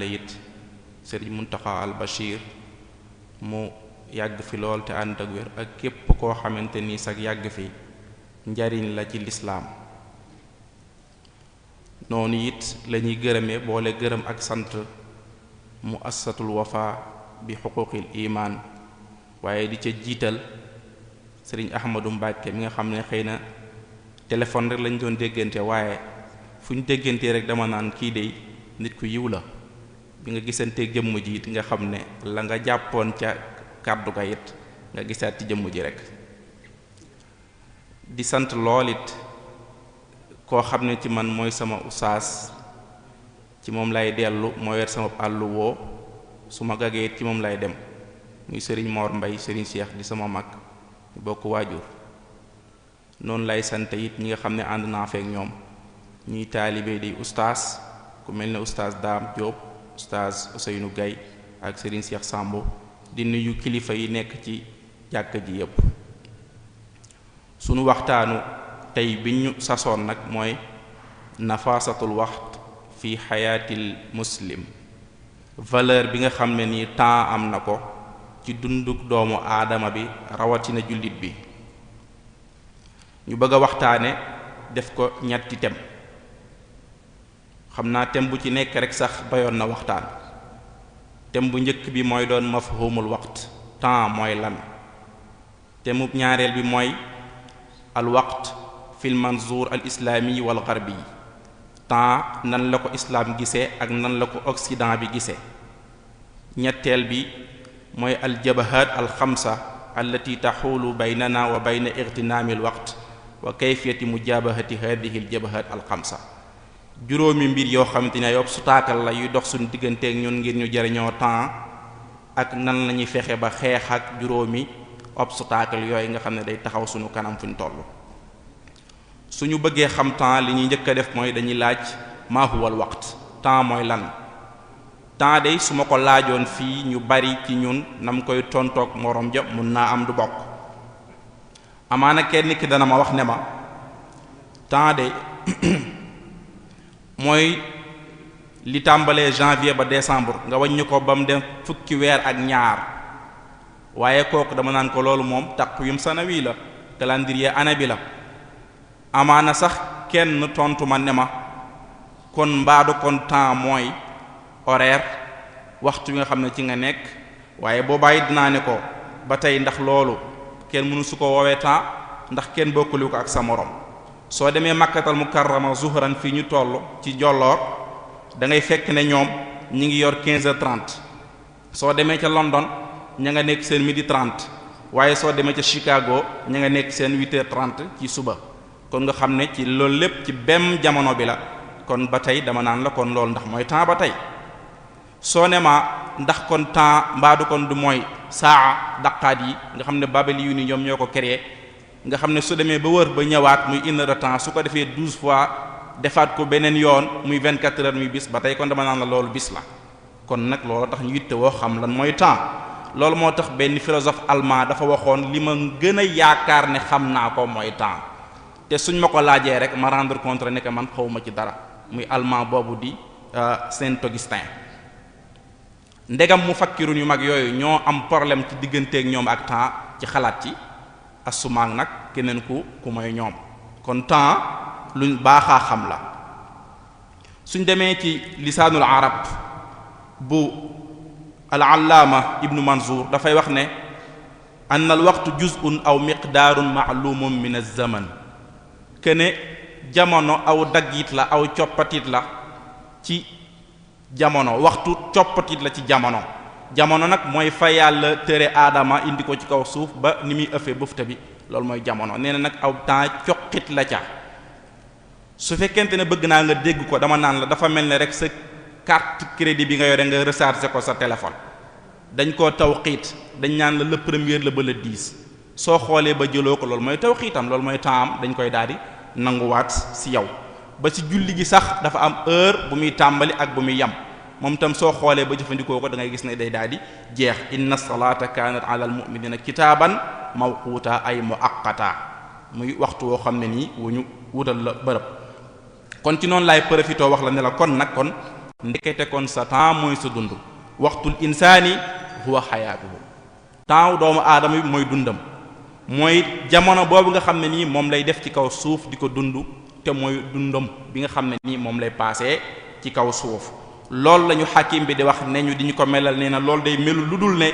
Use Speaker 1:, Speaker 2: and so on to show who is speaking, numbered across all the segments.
Speaker 1: ñaanale it sëriñ Muntaxa al Bachir mu yàgg fi lool te ànd ak képp koo xamante ni sag yàgg fi njariñ la ci lislaam noonu it lañuy gërëme boole gërëm ak sant mu assatul wafa bi imaan waaye di ca jiital sëriñ Ahmadu Mbàkke mi nga xam ne xëy na téléphone rek lañ doon déggante waaye fu ñu déggante rek dama naan kii dey nit ku yiw la bi nga gisantee jëmm ji it nga xam ne la nga jàppoon ca kàddu ga it nga gisaat ci jëmm ji rek di sant lool it koo xam ne ci man mooy sama usaas ci moom lay dellu moo wer sama àllu woo su ma gagee it ci moom lay dem muy sëriñ Mor Mbay sëriñ Cheikh di sama mag ñu bokk waajur noonu lay sant it ñi nga xam ne ànd naa feek ñoom ñuy taalibe di ustaas ku mel ne ustaas Daam Jóob oustaz Ousseynou Gaye ak Serigne Cheikh Samb di nuyu kilifa yi nekk ci jàkk ji yépp sunu waxtaanu tey bi ñu sasoon nag mooy nafasatul waxt fi xayaatil muslim valeur bi nga xam ne nii temps am na ko ci dunduk doomu aadama bi rawatina jullit bi ñu bëgg waxtaane def ko ñetti tem xam naa thème bu ci nekk rek sax bayoon na waxtaan thème bu njëkk bi mooy doon mafhumul waxt temps mooy lan thème bu ñaareel bi mooy al waqt fil manzuur al islaami wal garbi temps nan la ko islaam gisee ak nan la ko occident bi gisee ñetteel bi mooy al jabahaat al xamsa allati taxuulu baynana wa bayna igtinaami al waqt wa kayfiyati mujaabahati hadihi al jabahaat al xamsa juróomi mbir yoo xamante ne ay obstacle la yuy dox suñu digganteeg ñun ngir ñu jariñoo temps ak nan lañuy fexe ba xeex ak juróomi obstacle yooyu nga xam ne day taxaw suñu kanam fuñ toll suñu bëggee xam temps li ñuy njëkk a def mooy dañuy laaj ma huwal waqt temps mooy lan temps day su ma ko laajoon fii ñu bari ci ñun nam koy tontoog moroom ja mun naa am du bokk amaana kenn ki dana ma wax ne ma temps de mooy li tàmbalee janvier ba décembre nga wàññi ko ba mu dem fukki weer ak ñaar waaye kooku dama naan ko loolu moom taqwim sanawi la calendrier année bi la amaana sax kenn tontu ma ne ma kon mbaadu kon temps mooy horaire waxtu bi nga xam ne ci nga nekk waaye boo bàyyi dinaa ne ko ba tey ndax loolu kenn mënu su ko woowee temps ndax kenn bokkaliwu ko ak sa morom soo demee makkatal mukarrama zuhran fii ñu toll ci jolloor da fekk ne ñoom ñi ngi yor 15 heures soo demee ca London ña nga nekk seen midi 30 waaye soo demee ca Chicago ña nga nekk seen 8 heures ci suba kon nga xam ne ci loolu lépp ci benn jamono bi la kon ba tey dama naan la kon loolu ndax mooy temps ba tey soo ne ma ndax kon temps mbaadu kon du mooy saa daqaat yi nga xam ne Babel yu ni ñoom ñoo ko créé. nga xam ne su demee ba wër ba ñëwaat muy une temps su ko defee douze fois defaat ko beneen yoon muy vingt quatre heures muy bis ba tey kon dama naan la loolu bis la kon nag loolu tax ñu yitte woo xam lan mooy temps loolu moo tax benn philosophe allemand dafa waxoon li ma gën a yaakaar ne xam naa ko mooy temps te suñ ma ko laajee rek ma rendre compte ne que man xawma ci dara muy allemand boobu di euh, saint togistain ndegam mu fakkirun yu mag yooyu ñoo am problème ci digganteeg ñoom ak ci xalaat ci assumaak nag keneen ku ku mooy ñoom kon temps luñ baaxaa xam la suñ demee ci lisaanul arab bu al-allaama ibnu manzour dafay wax ne anna al waqtu juz'un aw miqdaarun ma'lumun min az-zaman kene jamono aw daggit la aw coppatit la ci jamono waxtu coppatit la ci jamono jamono nag mooy fa yàlla tere aadama indi ko ci kaw suuf ba ni muy ëffee bëfta bi loolu mooy jamono nee na nag aw temps coqit la ca su fekkente ne bëgg naa nga dégg ko dama naan la dafa mel ne rek sa carte crédit bi nga yore nga recharger ko sa téléphone dañ koo tawqiit dañ naan la le premier la ba soo xoolee ba jëloo ko loolu mooy tawqiitam loolu mooy temps am dañ koy daldi nanguwaat si yow ba ci julli gi sax dafa am heure bu muy tàmbali ak bu muy yam moom itam soo xoolee ba jëfandikoo ko dangay gis ne day daal di jeex inna salata kanat ala al mu'minina kitaaban mawquta ay muaqqata muy waxtu woo xam ne nii wu ñu wutal la bërëb kon ci noonu laay profité wax la ne la kon nag kon ndekete kon sa temps mooy sa dund waxtul insaani huwa xayaatuhu temps doomu aadama bi mooy dundam mooy jamono boobu nga xam ne nii moom lay def ci kaw suuf di ko dund te mooy dundam bi nga xam ne nii moom lay paase ci kaw suuf loolu la ñu xakim bi di wax ne ñu di ñu ko melal nee na loolu day melu lu dul ne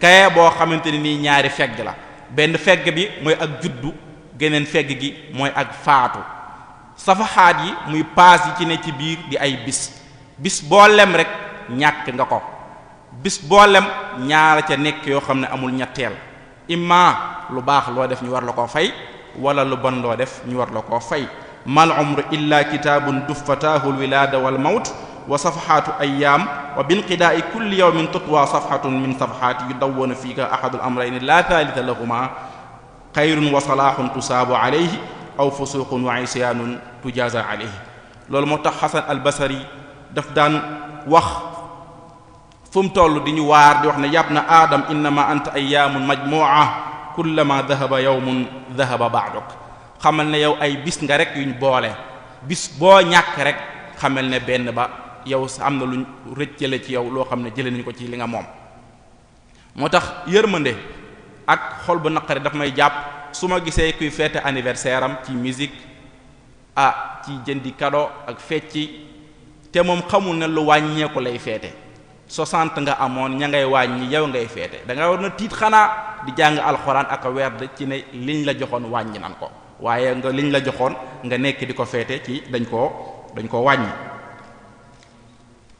Speaker 1: kaye boo xamante ne nii ñaari fegg la benn fegg bi mooy ak juddu geneen feg gi mooy ak faatu safaxaat yi muy paas yi ci ne ci biir di ay bis bis boo lem rek ñàkk nga ko bis boo lem ñaara ca nekk yoo xam ne amul ñetteel imma lu baax loo def ñu war la koo fay wala lu bon loo def ñu war la koo fay mal umru illa kitaabun dufataahu alwilaada wal mawt wa safxaatu ayaam wa binqidaai kulli yawmin tutwa safxatun min safxaati yudawwana fiika ahadul amrayni la thalitha lahuma xayrun wa salahun tusaabu alayhi aw fusuqun wa isyaanun tujaza alayhi loolu moo tax xasan albasari daf daan wax fu mu toll di ñu waar di wax na yab na aadam innama anta ayaamun majmu'a kullama dahaba yawmun dahaba ba'duk xamal ne yow ay bis nga yu yuñ boole bis boo ñàkk rek xamal ne benn ba yow sa am na luñ rëccale ci yow loo xam ne jëlee nañu ko ci li nga moom moo tax yërmande ak xol bu naqari daf may jàpp su ma gisee kuy feete anniversaire am ci misik ah ci jëndi cadeau ak fecc te moom xamul ne lu wàññeeku lay feete 60 nga amoon ña ngay wàññi yow ngay feete da nga war na tiit xanaa di jàng alxuraan ak werd ci ne liñ la joxoon wàññi nan ko waaye nga liñ la joxoon nga nekk di ko feete ci dañ koo dañ koo wàññi.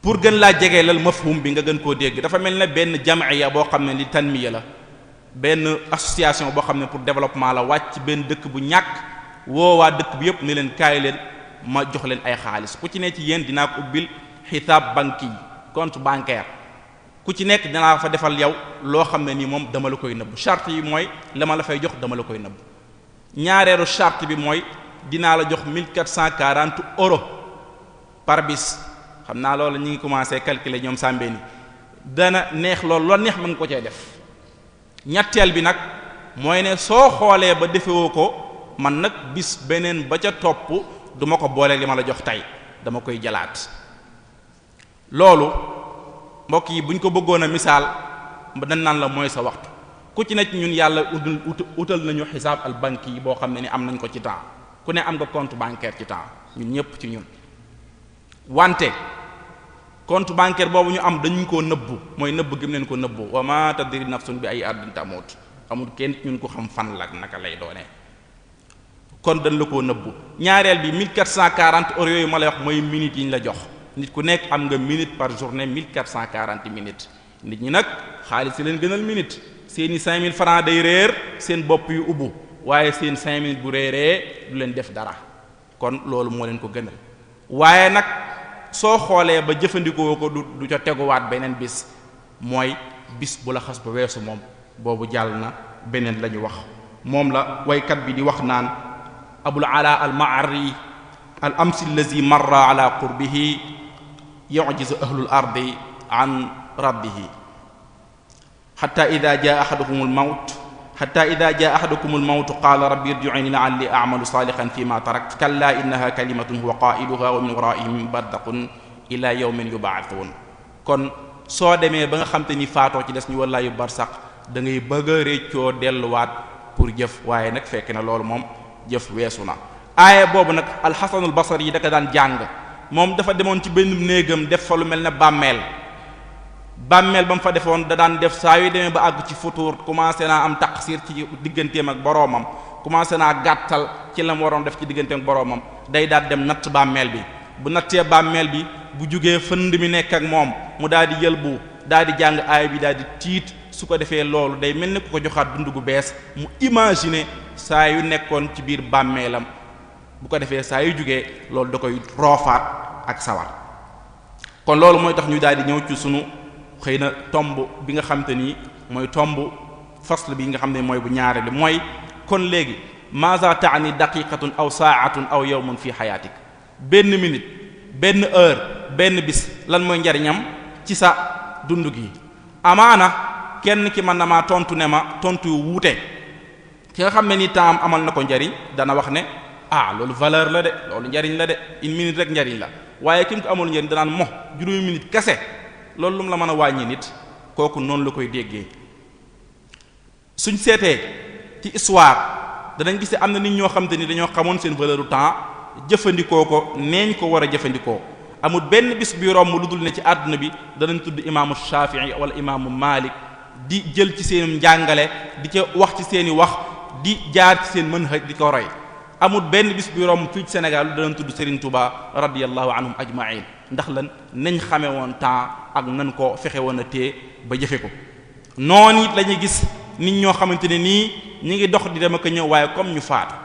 Speaker 1: pour gën laa jegeelal mafhum bi nga gën koo dégg dafa mel ne benn jamiya boo xam ne ni tanmiya la benn association boo xam ne pour développement la wàcc benn dëkk bu ñàkk woowaa dëkk bi yëpp ni leen kaay leen ma jox leen ay xaalis ku ci ne ci yéen dinaa ko ubbil xisaab banki compte bancaire ku ci nekk dinaa fa defal yow loo xam ne nii moom dama la koy nëbbu charte yi mooy la ma la fay jox dama la koy nëbb ñaareelu charte bi mooy dinaa la jox 1440 euros par bis xam naa loolu ñu ngi commencé calculer ñoom sàmbee ni dana neex loolu loo neex mën ko cee def ñetteel bi nag mooy ne soo xoolee ba defewoo ko man nag bis beneen ba ca topp duma ko boolee li ma la jox tey dama koy jalaat loolu mbokk yi buñ ko bëggoon a misaal dañ naan la mooy sa waxtu ku ci ne ci ñun yàlla utul utal nañu xisaab al banque yi boo xam ne ni am nañ ko ci temps ku ne am nga compte bancaire ci temps ñun ñëpp ci ñun wante compte bancaire boobu ñu am dañu ko nëbbu mooy nëbb gi mu leen ko nëbbu wa ma tadri nafsun bi ay ardin tamut amul kenn ñun ko xam fan la naka lay doonee kon dañ la koo nëbbu ñaareel bi 1440 heures yooyu ma lay wax mooy minutes yi ñu la jox nit ku nekk am nga minute par journée 1440 minutes nit ñi nag xaalis si leen gënal minute seeni mille francs day réer seen bopp yu ubbu waaye seen 5 minutes bu réeree du leen def dara kon loolu moo leen ko gënal. waaye nag soo xoolee ba jëfandikoo ko du du ca teguwaat beneen bis mooy bis bu la xas ba weesu moom boobu jàll na beneen la wax moom la woykat bi di wax naan abul ala al maari al amsi allazi marra ala qurbihi yu'jizu ahlul ardi an rabbihi hatta idha jaa ko mu mawt xatta ida jaa ahadukum almawtu qaala rabbi irji'uuni la'alli a'malu saalihan fiimaa tarakt kallaa innahaa kalimatun huwa qaa'iluhaa wa min waraa'ihim bardaqun ilaa yawmin yub'athuun kon soo demee ba nga xam te ni faatoo ci des ñu wallaayu barsaq da ngay bëgg a delluwaat pour jëf waaye nag fekk na loolu moom jëf weesu na aaye boobu nag alxasanul basar yi da ko daan jàng moom dafa demoon ci benn néegam def fa lu mel ne bàmmeel bàmmeel ba mu fa defoon da daan def saa yu demee ba àgg ci futuur commencé naa am taqsir ci digganteem ak boroomam commencé naa gàttal ci la mu waroon def ci digganteem ak boroomam day daal dem natt bàmmeel bi bu nattee bàmmeel bi bu jógee fënd mi nekk ak moom mu daal di yëlbu daal di jàng aay bi daal di tiit su ko defee loolu day mel ni ku ko joxaat dund bu bees mu imaginer saa yu nekkoon ci biir bàmmeelam bu ko defee saa yu jugee loolu da koy roofaat ak sawar kon loolu mooy tax ñu daal di ñëw ci sunu. xëy na tomb bi nga xam ni mooy tomb fasl bi nga xam ne mooy bu ñaaree bi mooy kon léegi maza taani daqiqatun aw saatun aw yawmun fi xayaatik benn minute benn heure benn bis lan mooy njariñam ci sa dund gi amaana kenn ki man na maa tontu ne ma tontu wuute ki nga xam ne ni temps amal na ko njariñ dana wax ne ah loolu valeur la de loolu njariñ la de une minute rek njariñ la waaye ki mu ko amul njariñ danaan mo juróomi minute kese loolu lu la mën a wàññi nit kooku noonu la koy déggee suñ seetee ci histoire danañ gis am na nit ñoo xam te ni dañoo xamoon seen valeur du temps jëfandikoo ko neeñ ko war a jëfandikoo amut benn bis bi romb lu dul ne ci àdduna bi danañ tudd imaamu Shafi'i wala imaamu maalik di jël ci seen njàngale di ca wax ci seen i wax di jaar ci seen manhaj di ko rey amul benn bis bi romb fii ci Sénégal danañ tudd Serigne Touba radiyallahu anhum ajma'in ndax lan nañ xame woon temps ak nan ko fexe woon a téye ba jëfe ko noonu it la gis nit ñoo xamante ne nii ñu ngi dox di dem ak ñëw waaye comme ñu faatu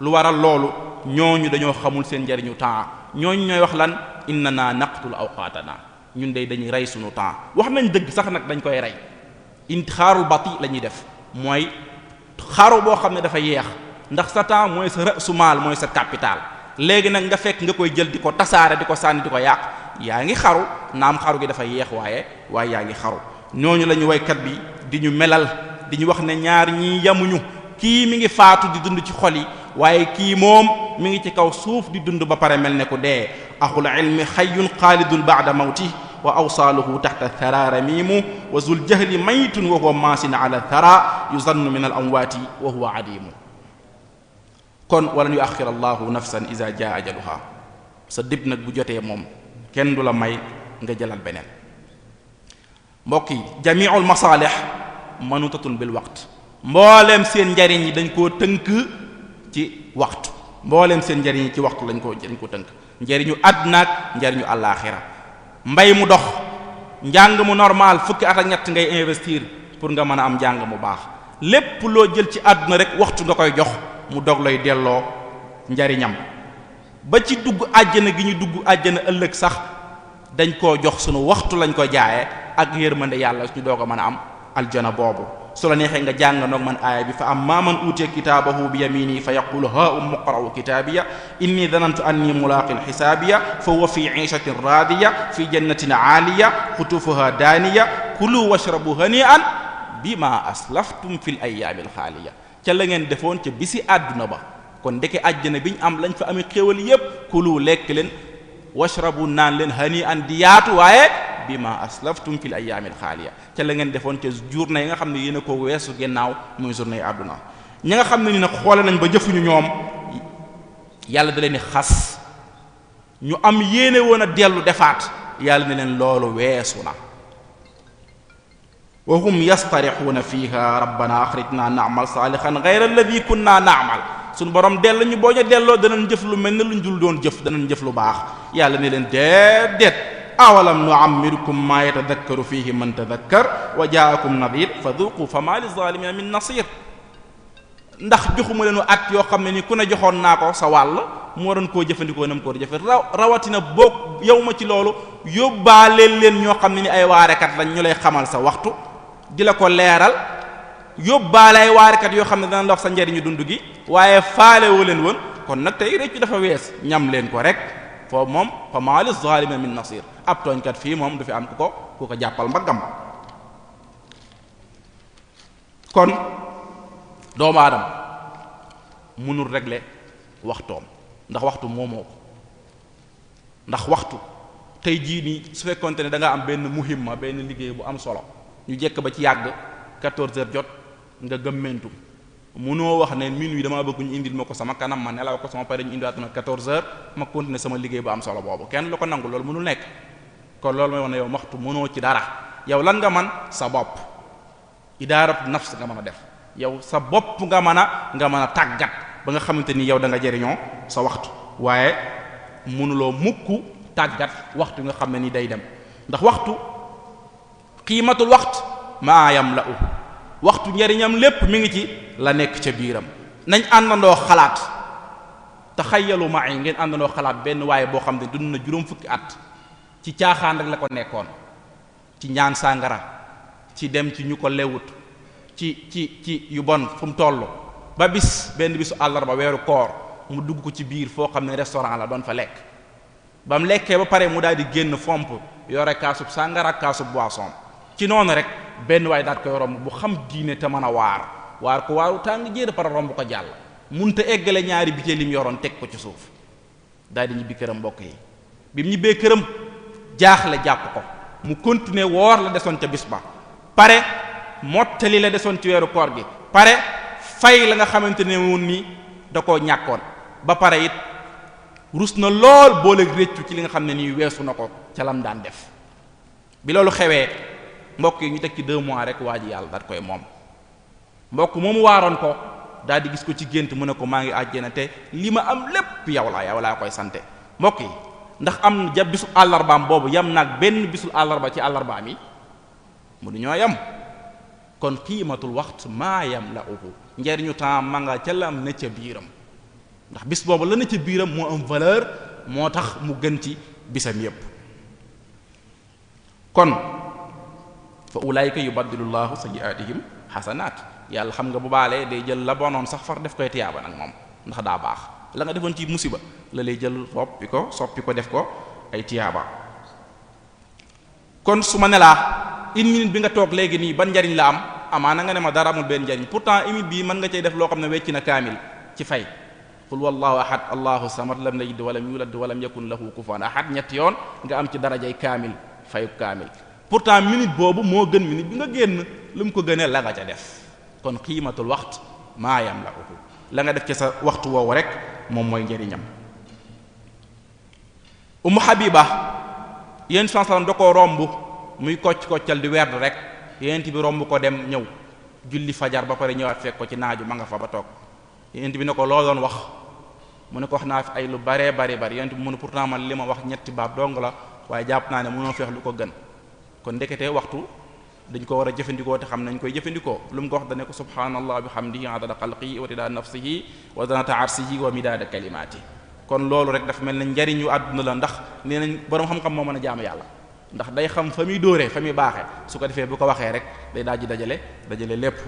Speaker 1: lu waral loolu ñooñu dañoo xamul seen njariñu temps ñooñu ñooy wax lan inna naa aw awqaatana ñun de dañuy rey sunu temps wax nañ dëgg sax nag dañ koy rey intixaarul bati la ñuy def mooy xaru boo xam ne dafa yeex ndax sa temps mooy sa rasumaal mooy sa capital léegi nag nga fekk nga koy jël di ko tasaare di ko sànni di ko yàq yaa ngi xaru naam xaru gi dafa yeex waaye waaye yaa ngi xaru ñooñu la woykat bi di ñu melal di ñu wax ne ñaar ñii yamuñu kii mi ngi faatu di dund ci xol yi waaye kii moom mu ngi ci kaw suuf di dund ba pare mel ne ku dee axul ilmi xayyun xaalidun ba'da mawti wa awsaaluhu taxta thara ramimu wa zul jahli maytun wa huwa maasin ala thara yuzannu min al amwaati wa huwa adimu kon walan yu axir allahu nafsan isa jaa ajaluha sa dib nag bu jotee moom kenn du la may nga jëlal beneen mbokk yi jamiul masaalix manutatun bil waqt mbooleem seen njariñ yi dañ koo tënk ci waxtu mbooleem seen njariñ yi ci waxtu lañ ko dañ ko tënk njariñu àddina njariñu àllaaxira mbay mu dox njàng mu normal fukki atak ñett ngay investir pour nga mën a am njàng mu baax lépp loo jël ci àdduna rek waxtu nga koy jox mu dog lay delloo njariñam ba ci dugg àjjana gi ñu dugg àjjana ëllëg sax dañ koo jox sunu waxtu lañ ko jaayee ak yërmande yàlla su ñu doog a mën a am aljana boobu su la neexee nga jàng noog man aaya bi fa amma man utiya kitaabahu bi yamini fa yaqulu ha um muqra'u kitaabiya inni dhanantu anni mulaqin xisaabiya fa huwa fi 'ishatin raadiya fi jannatin 'aaliya xutufuha daaniya kulu washrabu hani'an bima aslaftum fil ayyaamil xaaliya ca la ngeen defoon ca bisi àdduna ba kon ndeke àjjana biñ am lañ fa amee xéewal yépp kulu lekk leen washrabu naan leen hani an di yaatu waaye bi ma aslaftum fil ayyaamil xaaliya ca la ngeen defoon ca journée yi nga xam ne yéen a ko weesu gennaaw muy journée yi àdduna ñi nga xam ne ni nag xoole nañ ba jëfuñu ñoom yàlla da leen xas ñu am yéene woon a dellu defaat yàlla ne leen loolu weesu na wa hum yastarixuuna fiha rabbana axrijna naamal saalixan geyra alladi kunna naamal suñu borom dell ñu boo ñu delloo danañ jëf lu mel ne luñ dul doon jëf danañ jëf lu baax yàlla ne leen déedéet awalam nu'ammirkum maa yatadakkaru fihi man tadakkar wa jaakum nadir fa duqu fa maa lizalimina min nasir ndax joxuma leenu at yoo xam ne ni ku ne joxoon naa ko sa wàll moo doon koo jëfandikoo na mu koo jëfe rawatina boog yow ma ci loolu yóbbaaleel leen ñoo xam ne ni ay waarekat lañ ñu lay xamal sa waxtu di la ko leeral yóbbaalay waarikat yoo xam ne dana ndox sa njariñu dund gi waaye faale leen woon kon nag tey réccu dafa wees ñam leen ko rek foofu moom fa ma min nasir ab tooñkat fii moom du fi am ku ko ku ko jàppal mbaggam kon doomu aadama mënul régler waxtoom ndax waxtu moomoo ko ndax waxtu tey jii nii su fekkonte ne danga am benn muhimma benn liggéey bu am solo ñu jekk ba ci yàgg 14 heures jot nga gëmmentu munoo wax ne wi damaa bëgg ñu indil ma ko sama kanam ma nelaw ko sama pare ñu indiwaat ma 14 heures ma continuer sama liggéey bu am solo boobu kenn lu ko nangu loolu mënul nekk ko loolu mooy wax ne yow maxtu mënoo ci dara yow lan nga man sa bopp idaaratu nafs nga mën a def yow sa bopp nga mën a nga mën a tàggat ba nga xamante ni yow da nga jëriñoo sa waxtu waaye mënuloo mukk tàggat waxtu nga xam ne ni day dem qiimatul waxtu maa yam la u waxtu njariñam lépp mu ngi ci la nekk ca biiram nañ àndandoo xalaat taxayalu ma yi ngeen àndandoo xalaat benn waaye boo xam ne dund na juróom fukki at ci caaxaan rek la ko nekkoon ci ñaan sàngara ci dem ci ñu ko lewut ci ci ci yu bon fu mu toll ba bis benn bisu àllarba weeru koor mu dugg ko ci biir foo xam ne restaurant la doon fa lekk ba mu lekkee ba pare mu daal di génn fomp yore kaasub sàngara ak kaasub boisson ci noonu rek benn waaye daat koy romb bu xam diine te mën a waar waar ko waaru tàng jéer para romb ko jàll munta eggale ñaari biteel lim yoroon teg ko ci suuf daal di ñibbi këram mbokk yi bi mu ñibbee këram jaaxle jàpp ko mu continuer woor la desoon ca bis ba pare mottali la desoon ci weeru koor gi pare fay la nga xamante ne woon nii da koo ñàkkoon ba pare it rus na lool booleeg réccu ci li nga xam ne nii weesu na ko ca lam daan def bi loolu xewee mbokk yi ñu teg ci deux mois rek waa ji yàlla daal koy moom mbokk mu waaroon ko daal di gis ko ci gént mu ne ko maa ngi àjjana te li ma am lépp yow laa yaw laa koy sante mbokk yi ndax am ja bisu àllarbaam boobu yam naag benn bisul àllarba ci àllarbaam yi mu du yam kon qiimatul waxt maa la njariñu temps ma nga ca la am ne ca biiram ndax bis boobu la ne ca biiram moo am valeur moo tax mu gën ci bisam yépp kon fa ulaayika yubaddilullahu sayyi'atihim xasanaat yàlla xam nga bu baalee day jël la bonoon sax far def koy tiyaaba nag moom ndax daa baax la nga defoon ci musiba la lay jël soppi ko soppi ko def ko ay tiyaaba kon su ma nelaa une minute bi nga toog léegi nii ban njariñ la am amaana nga ne ma dara amul benn njariñ pourtant une minute bii mën nga cay def loo xam ne wecc na kaamil ci fay qul wallahu ahad allahu samad lam yalid walam yulad walam yakun lahu kufuwan ahad ñetti yoon nga am ci darajay kaamil fayu kaamil pourtant minute boobu moo gën minute bi nga génn lu mu ko gënee la nga ca def kon xiimatul waxt maa yam la uku la nga def ci sa waxtu woowu rek moom mooy njëriñam umu habiba yéen sansalam da ko romb muy kocc koccal di werd rek yéent bi romb ko dem ñëw julli fajar ba pare ñëwaat fekk ko ci naaju ma nga fa ba toog yéent bi ne ko loo doon wax mu ne ko wax naa fi ay lu baree bari bari yéent bi mu ne pourtant man li ma wax ñetti baat dong la waaye jàpp naa ne mënoo feex lu ko gën kon ndeketee waxtu dañ ko war a jëfandikoo te xam nañ koy jëfandikoo lu mu ko wax dane ko subhaanallah bi hamdihi adada xalqihi wa rida kon loolu rek dafa mel ne njariñu àdduna la ndax nee nañ boroom xam moo mën a jaamu yàlla ndax day xam fa muy dóoree fa muy baaxee su ko defee bu ko waxee rek day daal di dajale dajale lépp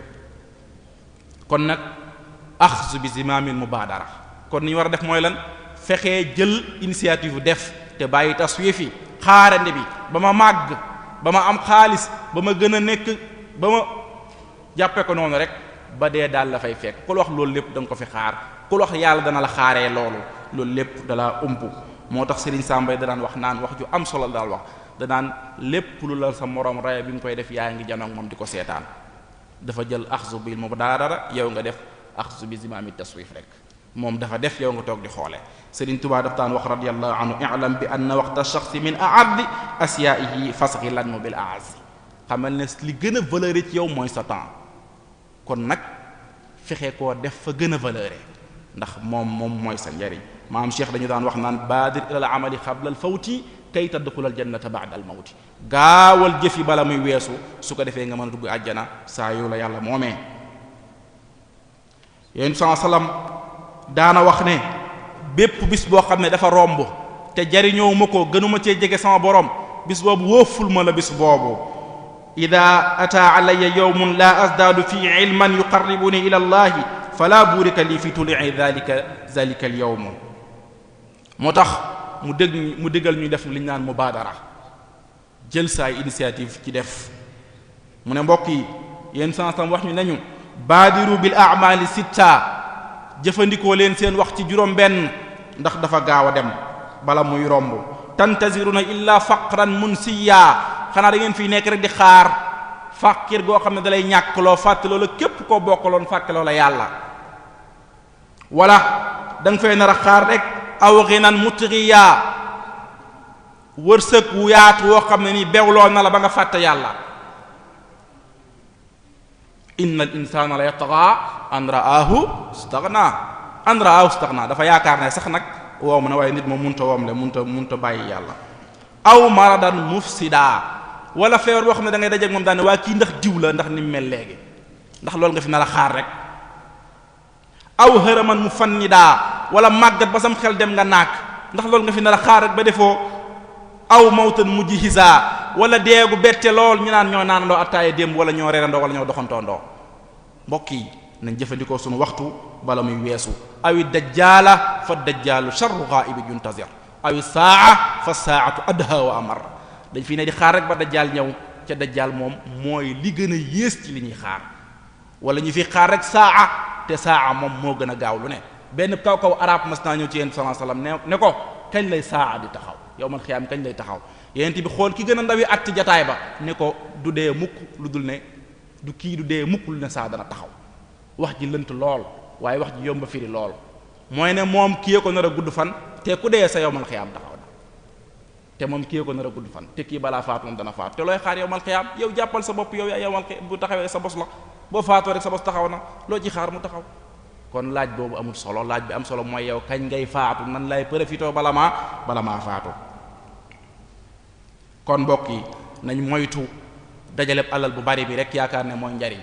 Speaker 1: kon nag axzu bi zimaamil mubaadara kon ni ñu war a def mooy lan fexee jël initiative def te bàyyi taswiif yi xaarande bi ba ma màgg ba ma am xaalis ba ma gën a nekk ba ma jàppe ko noonu rek ba dee daal la fay fekk ku wax loolu lépp da ko fi xaar ku wax yàlla dana la xaaree loolu loolu lépp dala ump moo tax Serigne Sambay danaan wax naan wax ju am solo daal wax danaan lépp lu la sa morom raya bi nga koy def yaa ngi janoog moom di ko seetaan dafa jël axsu bil mu dara yow nga def axsu bi zimaami taswif rek moom dafa def yow nga toog di xoole Sëriñ Tuubaa daf taan wax radiyallahu anhu i'lam bi anna waqta shaxsi min a'addi asya'ihi fasghi lanhu a a'azzi xamal ne li gën a valeur ci yow mooy sa temps kon nag fexe koo def fa gën a valeur ndax moom moom mooy sa njariñ maam Cheikh dañu daan wax naan baadir ilal amali xablal fawti kay tadxulal jannata ba'dal mawti gaawal jëf yi bala muy weesu su ko defee nga mën a dugg àjjana saa yu la yàlla moomee yéen daana wax ne bépp bis boo xam ne dafa romb te jariñoo ma ko gënuma cee jege sama borom bis boobu wóoful ma la bis boobu ida ataa alaya yowmun la asdaadu fi ilman yuqarribuni ila allahi fala buurika lii fi tulii dalika dalika al yowm moo tax mu dëgg mu dëggal ñuy def li ñu naan mubaadara jël saa initiative ci def mu ne mbokk yi yéen sansam wax ñu nañu baadiru bil amali sitta jëfandikoo leen seen wax ci juróom benn ndax dafa gaaw a dem bala muy romb na tantaziruna illa faqran munsiya xanaa da ngeen fiy nekk rek di xaar fàqir goo xam ne dalay ñàkkloo fàttaloo la képp koo bokkaloon fàttaloo la yàlla wala da nga nar a xaar rek aw ghinan mutghiya wërsëg wu yaatu woo xam ne nii bewloo na la ba nga fàtte yàlla innal insana la yatgha an ra'ahu istaghna an ra'ahu istaghna dafa yaakaar ne sax nag woom ne waaye nit moom munta woom le munta munta bàyyi yàlla aw maradan mufsida wala feebar boo xam ne da ngay dajeek moom ne waa kii ndax diw la ndax ni mu mel léegi ndax loolu nga fi nar a xaar rek aw hëraman mu fannidaa wala màggat ba sam xel dem nga naak ndax loolu nga fi nar a xaar rek ba defoo aw mawtan mujj hisaa wala deegu bette lool ñu naan ñoo naanandoo attaaya démb wala ñoo reerandoo wala ñoo doxantoondoo mbokk yi nañ jëfandikoo suñu waxtu bala muy weesu aw awi dajjaala fa dajjaalu sharru ghaibi yuntazir awi saa fa saatu adha wa amar dañ fi ne di xaar rek ba dajjaal ñëw ca dajjaal moom mooy li gën a yées ci li ñuy xaar wala ñu fi xaar rek saa te saa moom moo gën a gaaw lu ne benn kaw kaw arab mas naa ñëw ci yéen sallallahu ne ne ko kañ lay saa di yowmal xiyaam kañ lay taxaw yonent bi xool ki gën a ndawi atti jataay ba ne ko du dee mukk lu dul ne du kii du dee mukk lu ne saa dana taxaw wax ji lënt lool waaye wax ji yomba firi lool mooy ne moom kii ko a gudd fan te ku dee sa yowmal xiyaam taxaw na te moom kii ko nar a gudd fan te kii balaa faatu moom dana faatu te looy xaar yowmal xiyaam yow jàppal sa bopp yow yaa yowmal bu taxawee sa bos la boo faatoo rek sa bos taxaw na loo ci xaar mu taxaw kon laaj boobu amul solo laaj bi am solo mooy yow kañ ngay faatu nan lay profité bala maa bala maa faatu kon mbokk yi nañ moytu dajale alal bu bari bi rek yaakaar ne mooy njariñ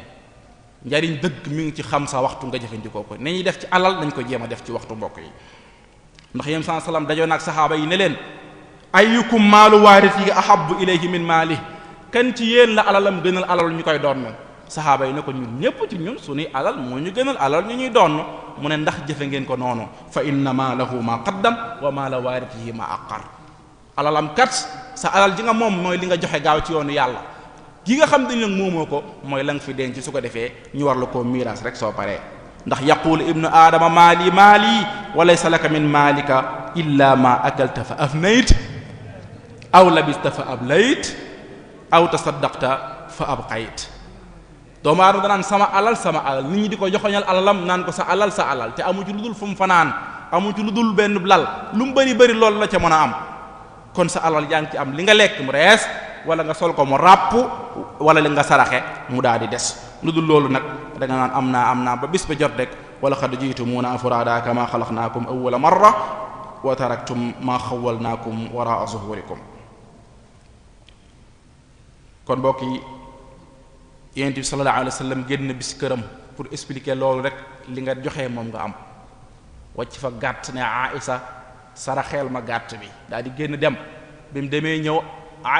Speaker 1: njariñ dëgg mi ngi ci xam sa waxtu nga jëfandikoo ko ne ñuy def ci alal dañ ko jéem def ci waxtu mbokk yi ndax yém saa salaam dajoon ak saxaaba yi ne leen ayyukum maalu waarisihi ahabbu ilayhi min maalihi kan ci yéen la alalam gënal alal ñu koy doon saxaaba yi ne ko ñun ñëpp ci ñun suñuy alal moo ñu gënal alal ñu ñuy doon mu ne ndax jëfe ngeen ko noonu fa inna maalahu maa qaddam wa maala waarisihi maa aqar alalam kat sa alal ji nga moom mooy li nga joxe gaaw ci yoonu yàlla ki nga xam dañ la moomoo ko mooy la nga fi denc su ko defee ñu war la koo miiras rek soo paree ndax yaqulu ibnu aadama maali maali wa laysa laka min maalika illa ma akalta fa afnayt aw labista fa ablayt aw tasaddaqta fa abqayt doomu aadama danaan sama alal sama alal nit ñi di ko joxoñal alalam naan ko sa alal sa alal te amu ci lu dul fu mu fanaan amu ci lu dul benn lal lu mu bari bari loolu la ca mën a am kon sa alal yaa ci am li nga lekk mu rees wala nga sol ko mu ràpp wala li nga saraxe mu daal di des lu dul loolu nag da naan am naa am naa ba bis ba jot rek wala xad jiitumuuna afraada kama xalaqnaakum awwala marra wa taraktum naa xawwalnaakum waraa zuhurikum kon mbokk yi yonent bi sallallahu alayhi wa sallam génn bis këram pour expliquer loolu rek li nga joxe moom nga am wàcc fa gàtt ne Aïsa saraxeel ma gàtt bi daal di génn dem bi mu demee ñëw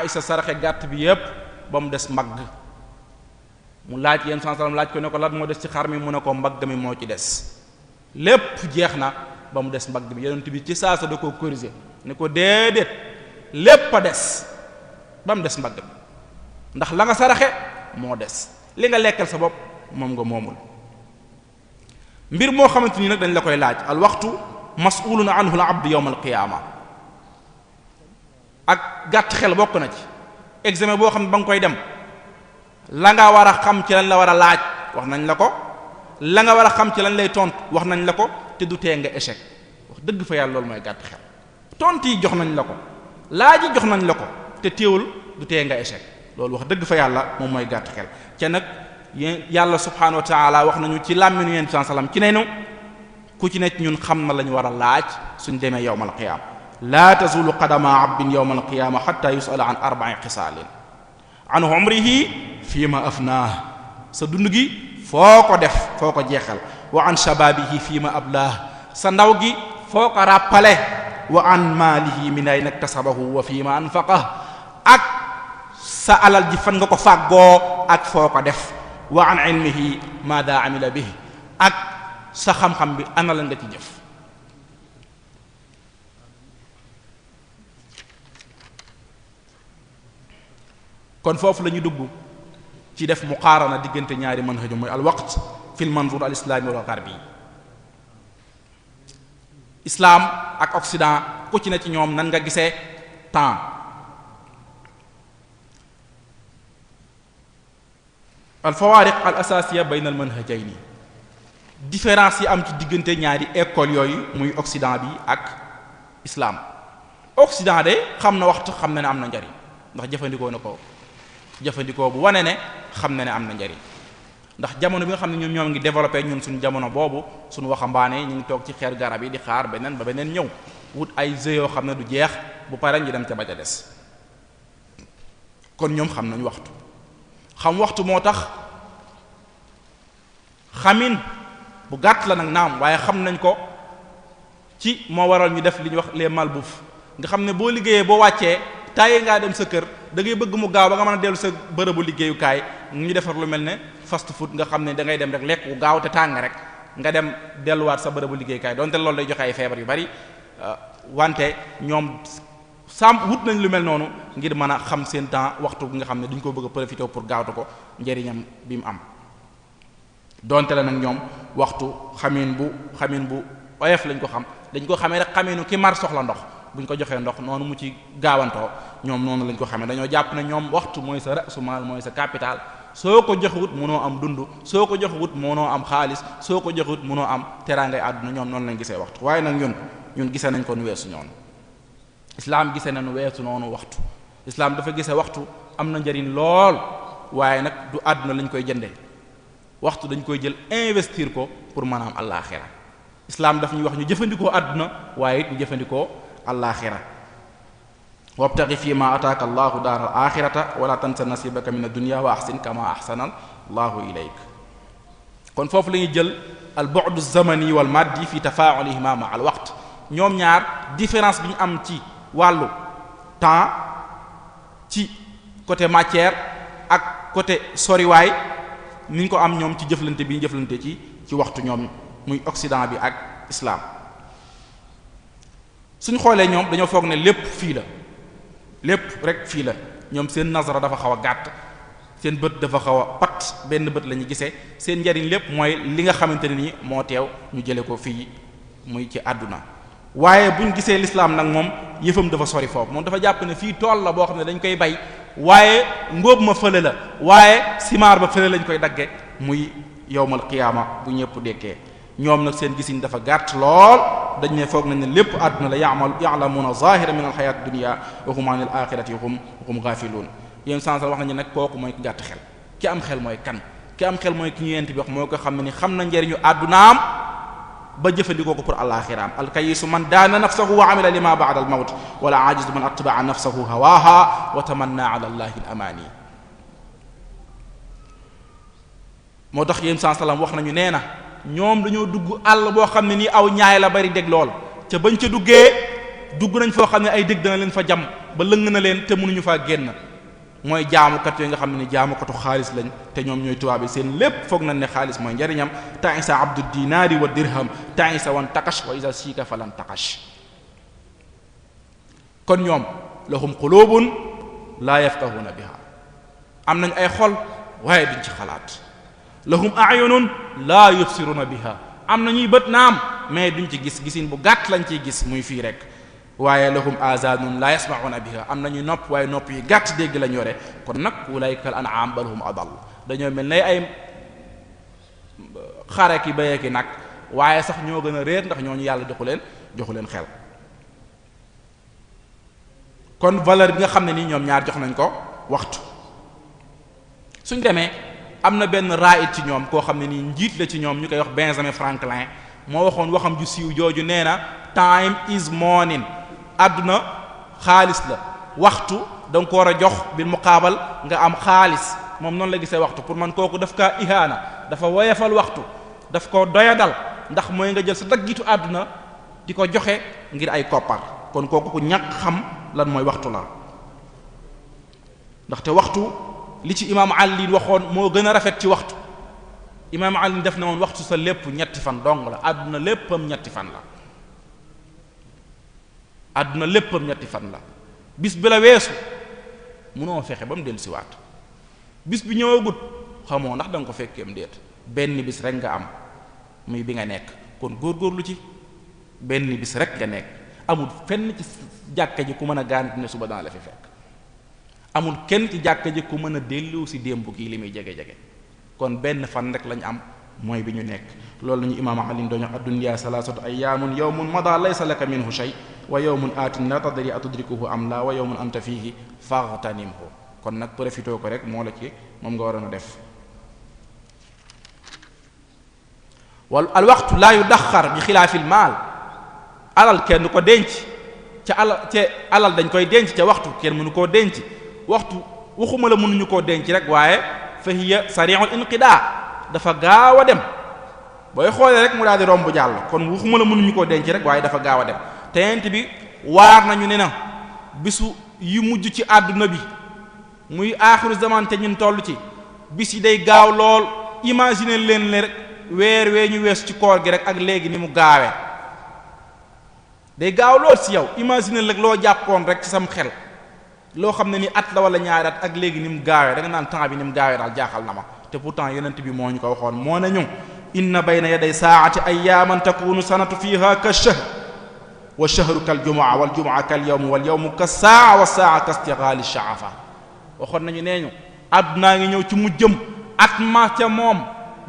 Speaker 1: sa saraxe gàtt bi yépp ba mu des mbagg mu laaj yéen saa salaam laaj ko ne ko lan moo des ci xar mi mu ne ko mbagg mi moo ci des lépp jeex na ba des mbagg bi yonent bi ci saasa da koo corriger ne ko déedéet lépp a des ba mu des mbagg bi ndax la nga saraxe moo des li nga lekkal sa bopp moom nga moomul mbir moo xamante ni nag dañ la koy laaj al mas'ulun anhu al-abd yawm al-qiyama ak gàtt xel bokk na ci examen boo xam ne ba nga koy dem la nga war a xam ci lañ la war a laaj wax nañ la ko la nga war a xam ci lan lay tont wax nañ la ko te du tee nga échec wax dëgg fa yàlla loolu mooy gàtt xel tontu yi jox nañ la ko laaj yi jox nañ la ko te teewul du tee nga échec loolu wax dëgg fa yàlla moom mooy gàtt xel ca nag yàlla subhanahu wa wax nañu ci làmminu yéen sallam ci nenu ku ci nekk ñun xam na lañu war a laaj suñ demee yowmal qiyaama laa tazulu qadama abdin yowmal qiyaama xatta yusala an arba'i xisaalin an fii ma afnaah sa dund gi foo ko def foo ko jeexal wa an shababihi fii ma ablaah sa ndaw gi foo ko ràppale wa an maalihi min ayna iktasabahu wa fii ma anfaqah ak sa alal ji fan nga ko fàggoo ak foo ko def wa an ilmihi maada amila bihi ak sa xam-xam bi ana la nga ci jëf kon foofu la ñu dugg ci def muqaarana diggante ñaari manhaju mooy al waqt fil manzur al islami wal gharbi islaam ak occident ku na ci ñoom nan nga gisee temps al fawaariq al asaasiya bayna al manhajayni différence yi am ci diggante ñaari école yooyu muy Occident bi ak islaam Occident de xam na waxtu xam na ne am na njariñ ndax jëfandikoo na ko jëfandikoo bu wane ne xam na ne am na njariñ ndax jamono bi nga xam ne ñoom ñoom ngi développé ñun suñu jamono boobu suñu waxambaane ñu ngi toog ci xeer garab yi di xaar beneen ba beneen ñëw wut ay jeux yoo xam ne du jeex bu pare ñu dem ca ba ca des kon ñoom xam nañu waxtu xam waxtu moo tax xamin bu gàtt la nag naam waaye xam nañ ko ci moo waral ñu def li ñuy wax les malbouffe nga xam ne boo liggéeyee boo wàccee taaye ngaa dem sa kër da ngay bëgg mu gaaw ba nga mën a dellu sa bërëbu liggéeyukaay ñu defar lu mel ne fast food nga xam ne da ngay dem rek lekk gu gaaw te tàng rek nga dem delluwaat sa bërëbu liggéeyukaay donte loolu day joxe ay feebar yu bari euh, wante ñoom sam wut nañ lu mel noonu ngir mën a xam seen temps waxtu bi nga xam ne duñ ko bëgg profité pour gaawtu ko njëriñam bi mu am. donte la nag ñoom waxtu xamin bu xamin bu oyof lañ ko xam dañ ko xamee rek xaminu ki mar soxla ndox buñ ko joxee ndox noonu mu ci gaawantoo ñoom noonu lañ ko xamee dañoo jàpp ne ñoom waxtu mooy sa mooy sa capital soo ko joxewut mënoo am dund soo ko joxewut mënoo am xaalis soo ko joxewut mënoo am teraangay àdduna ñoom noonu lañ gisee waxtu waaye nag ñun ñun gisee nañ ko nu weesu ñoonu islaam gisee nu weesu noonu waxtu islaam dafa gisee waxtu am na njariñ lool waaye nag du àdduna lañ koy jëndee waxtu dañ koy jël investir ko pour maanaam allaaxira islaam daf ñuy wax ñu jëfandikoo àdduna waaye ñu jëfandikoo allaaxira wabtaghi fi ma ataaka allahu daaral axirata wala tansa nasibaka min ad-dunya wa ahsin kama ahsana allahu ilayk kon foofu lañuy ñuy jël al bu'd az-zamani wal maddi fi tafa'ulihima ma al waqt ñoom ñaar différence bi ñu am ci wàllu temps ci côté matière ak côté soriwaay niñ ko am ñoom ci jëflante bi ñu jëflante ci ci waxtu ñoom muy Occident bi ak islaam suñ xoolee ñoom dañoo foog ne lépp fii la lépp rek fii la ñoom seen nasara dafa xaw a gàtt seen bët dafa xaw a pat benn bët la ñu gisee seen njariñ lépp mooy li nga xamante ne ni moo teew ñu jële ko fii muy ci àdduna waaye ñu gisee lislaam nag moom yëfam dafa sori foofu moom dafa jàpp ne fii tool la boo xam ne dañ koy bay waaye ngóob ma fële la waaye simaar ba fële lañ koy dagge muy yowmal qiyaama bu ñëpp dekkee ñoom nag seen gisiñ dafa gàtt lool dañ ne foog nañ ne lépp àdduna la yamal ya'lamuna zahira min alxayaat dunia wa hum an al axirati hum hum gaafiluun yéen sansa wax nañu nag kooku mooy gàtt xel ki am xel mooy kan ki am xel mooy ki ñu yent bi wax moo ko xam ne ni xam na njariñu àddunaam ba jëfandikoo ko pour alaxiraam alkayisu man daana nafsahu wa amila lima ba'da al mawt wala ajizu man atbaa nafsahu hawaha wa tamanna ala allahi al amani moo tax yém san wax nañu nee na ñoom dañoo dugg àll boo xam ne nii aw ñaay la bari dég lool ca bañ ca duggee dugg nañ foo xam ne ay dég dana leen fa jam ba lëng na leen te mënuñu faa génn mooy jaamukat yooyu nga xam ne ni jaamukatu xaalis lañ te ñoom ñooy tubaab yi seen lépp foog nañ ne xaalis mooy njariñam ta'isa abdu dinaari wa dirham ta'isa wan takash wa isa siika falan takash kon ñoom lahum qulubun laa yafqahuna biha am nañ ay xol waaye duñ ci xalaat lahum a'yunun laa yubsiruna biha am nañuy bët naam mais duñ ci gis gisin bu gàtt lañ ciy gis muy fii rek waaye lahum azanun la yasmauna biha am nañu nopp waaye nopp yi gàtt dégg lañ yore kon nag ulaykal an'am bal hum adall dañoo mel ne ay xare ki bayee nag waaye sax ñoo gën a réer ndax ñooñu yàlla joxu leen joxu leen xel kon valeur bi nga xam ne nii ñoom ñaar jox nañ ko waxtu suñ demee am na benn raayit ci ñoom koo xam ne nii njiit la ci ñoom ñu koy wax Benjamin Franklin moo waxoon waxam ju siiw jooju nee na time is morning àdduna xaalis la waxtu da ko war a jox bi mu xaabal nga am xaalis moom noonu la gisee waxtu pour man kooku daf kaa ihaana dafa woyefal waxtu daf ko doyadal ndax mooy nga jël sa daggitu àdduna di ko joxe ngir ay koppar kon kooku ku ñàkk xam lan mooy waxtu la ndaxte waxtu li ci imaam Ali waxoon moo gën a rafet ci waxtu imaam Ali def na woon waxtu sa lépp ñetti fan dong la àdduna léppam ñetti fan la àdduna léppam ñetti fan la bis bi la weesu munoo fexe ba mu dellu siwaat bis bi ñëwagut xamoo ndax danga ko fekkee fekkeem deet benn bis rek nga am muy bi nga nekk kon góor góorgóorlu ci benn bis rek nga nekk amul fenn ci jàkka ji ku mën a gaanit ne suba dana la fi fekk amul kenn ci jàkka ji ku mën a dellu si démb kii li muy jege-jege kon benn fan rek lañ am mooy bi ñu nekk loolu la ñu imaam Ali doñu ad-dunya salasatu ayyamun yawmun mada laysa laka minhu shay waa yow mun wa yawmun aatin la tadri atudrikuhu am la wa yawmun anta fihi faghtanimhu kon nag profité ko rek moo la ci moom nga waroon a def wal al waxtu laa alal kenn ko denc ca alal alal dañ koy denc ca waxtu kenn mënu koo denc waxtu waxuma la mënuñu koo denc rek waaye fa hiya sari'ul inqidaa dafa gaaw a dem booy xoolee rek mu daal di romb jàll kon waxuma la mënuñu koo denc rek waaye dafa gaaw a dem te bi waar nañu ne na bisu yu mujj ci àdduna bi muy aaxiru zaman te ñun toll ci bis yi day gaaw lool imaginer leen ne rek weer wee ñu weesu ci koor gi rek ak léegi ni mu gaawee day gaaw si yow imaginer rek loo jàppoon rek sam xel loo xam ne ni at la wala ñaari ak léegi ni mu gaawee da nga naan temps bi ni mu gaawee daal jaaxal na ma te pourtant yonent bi moo ñu ko waxoon moo ne ñu inna bayna yaday saa'ati ayyaaman takunu sanatu fiha ka shahr wa shahru kal jumaa wal jumaa kal yawm wal yawm ka saa wa saa ka istiqaali shaafa waxoon nañu nee ñu àddunaa ngi ñëw ci mujjëm at ma ca moom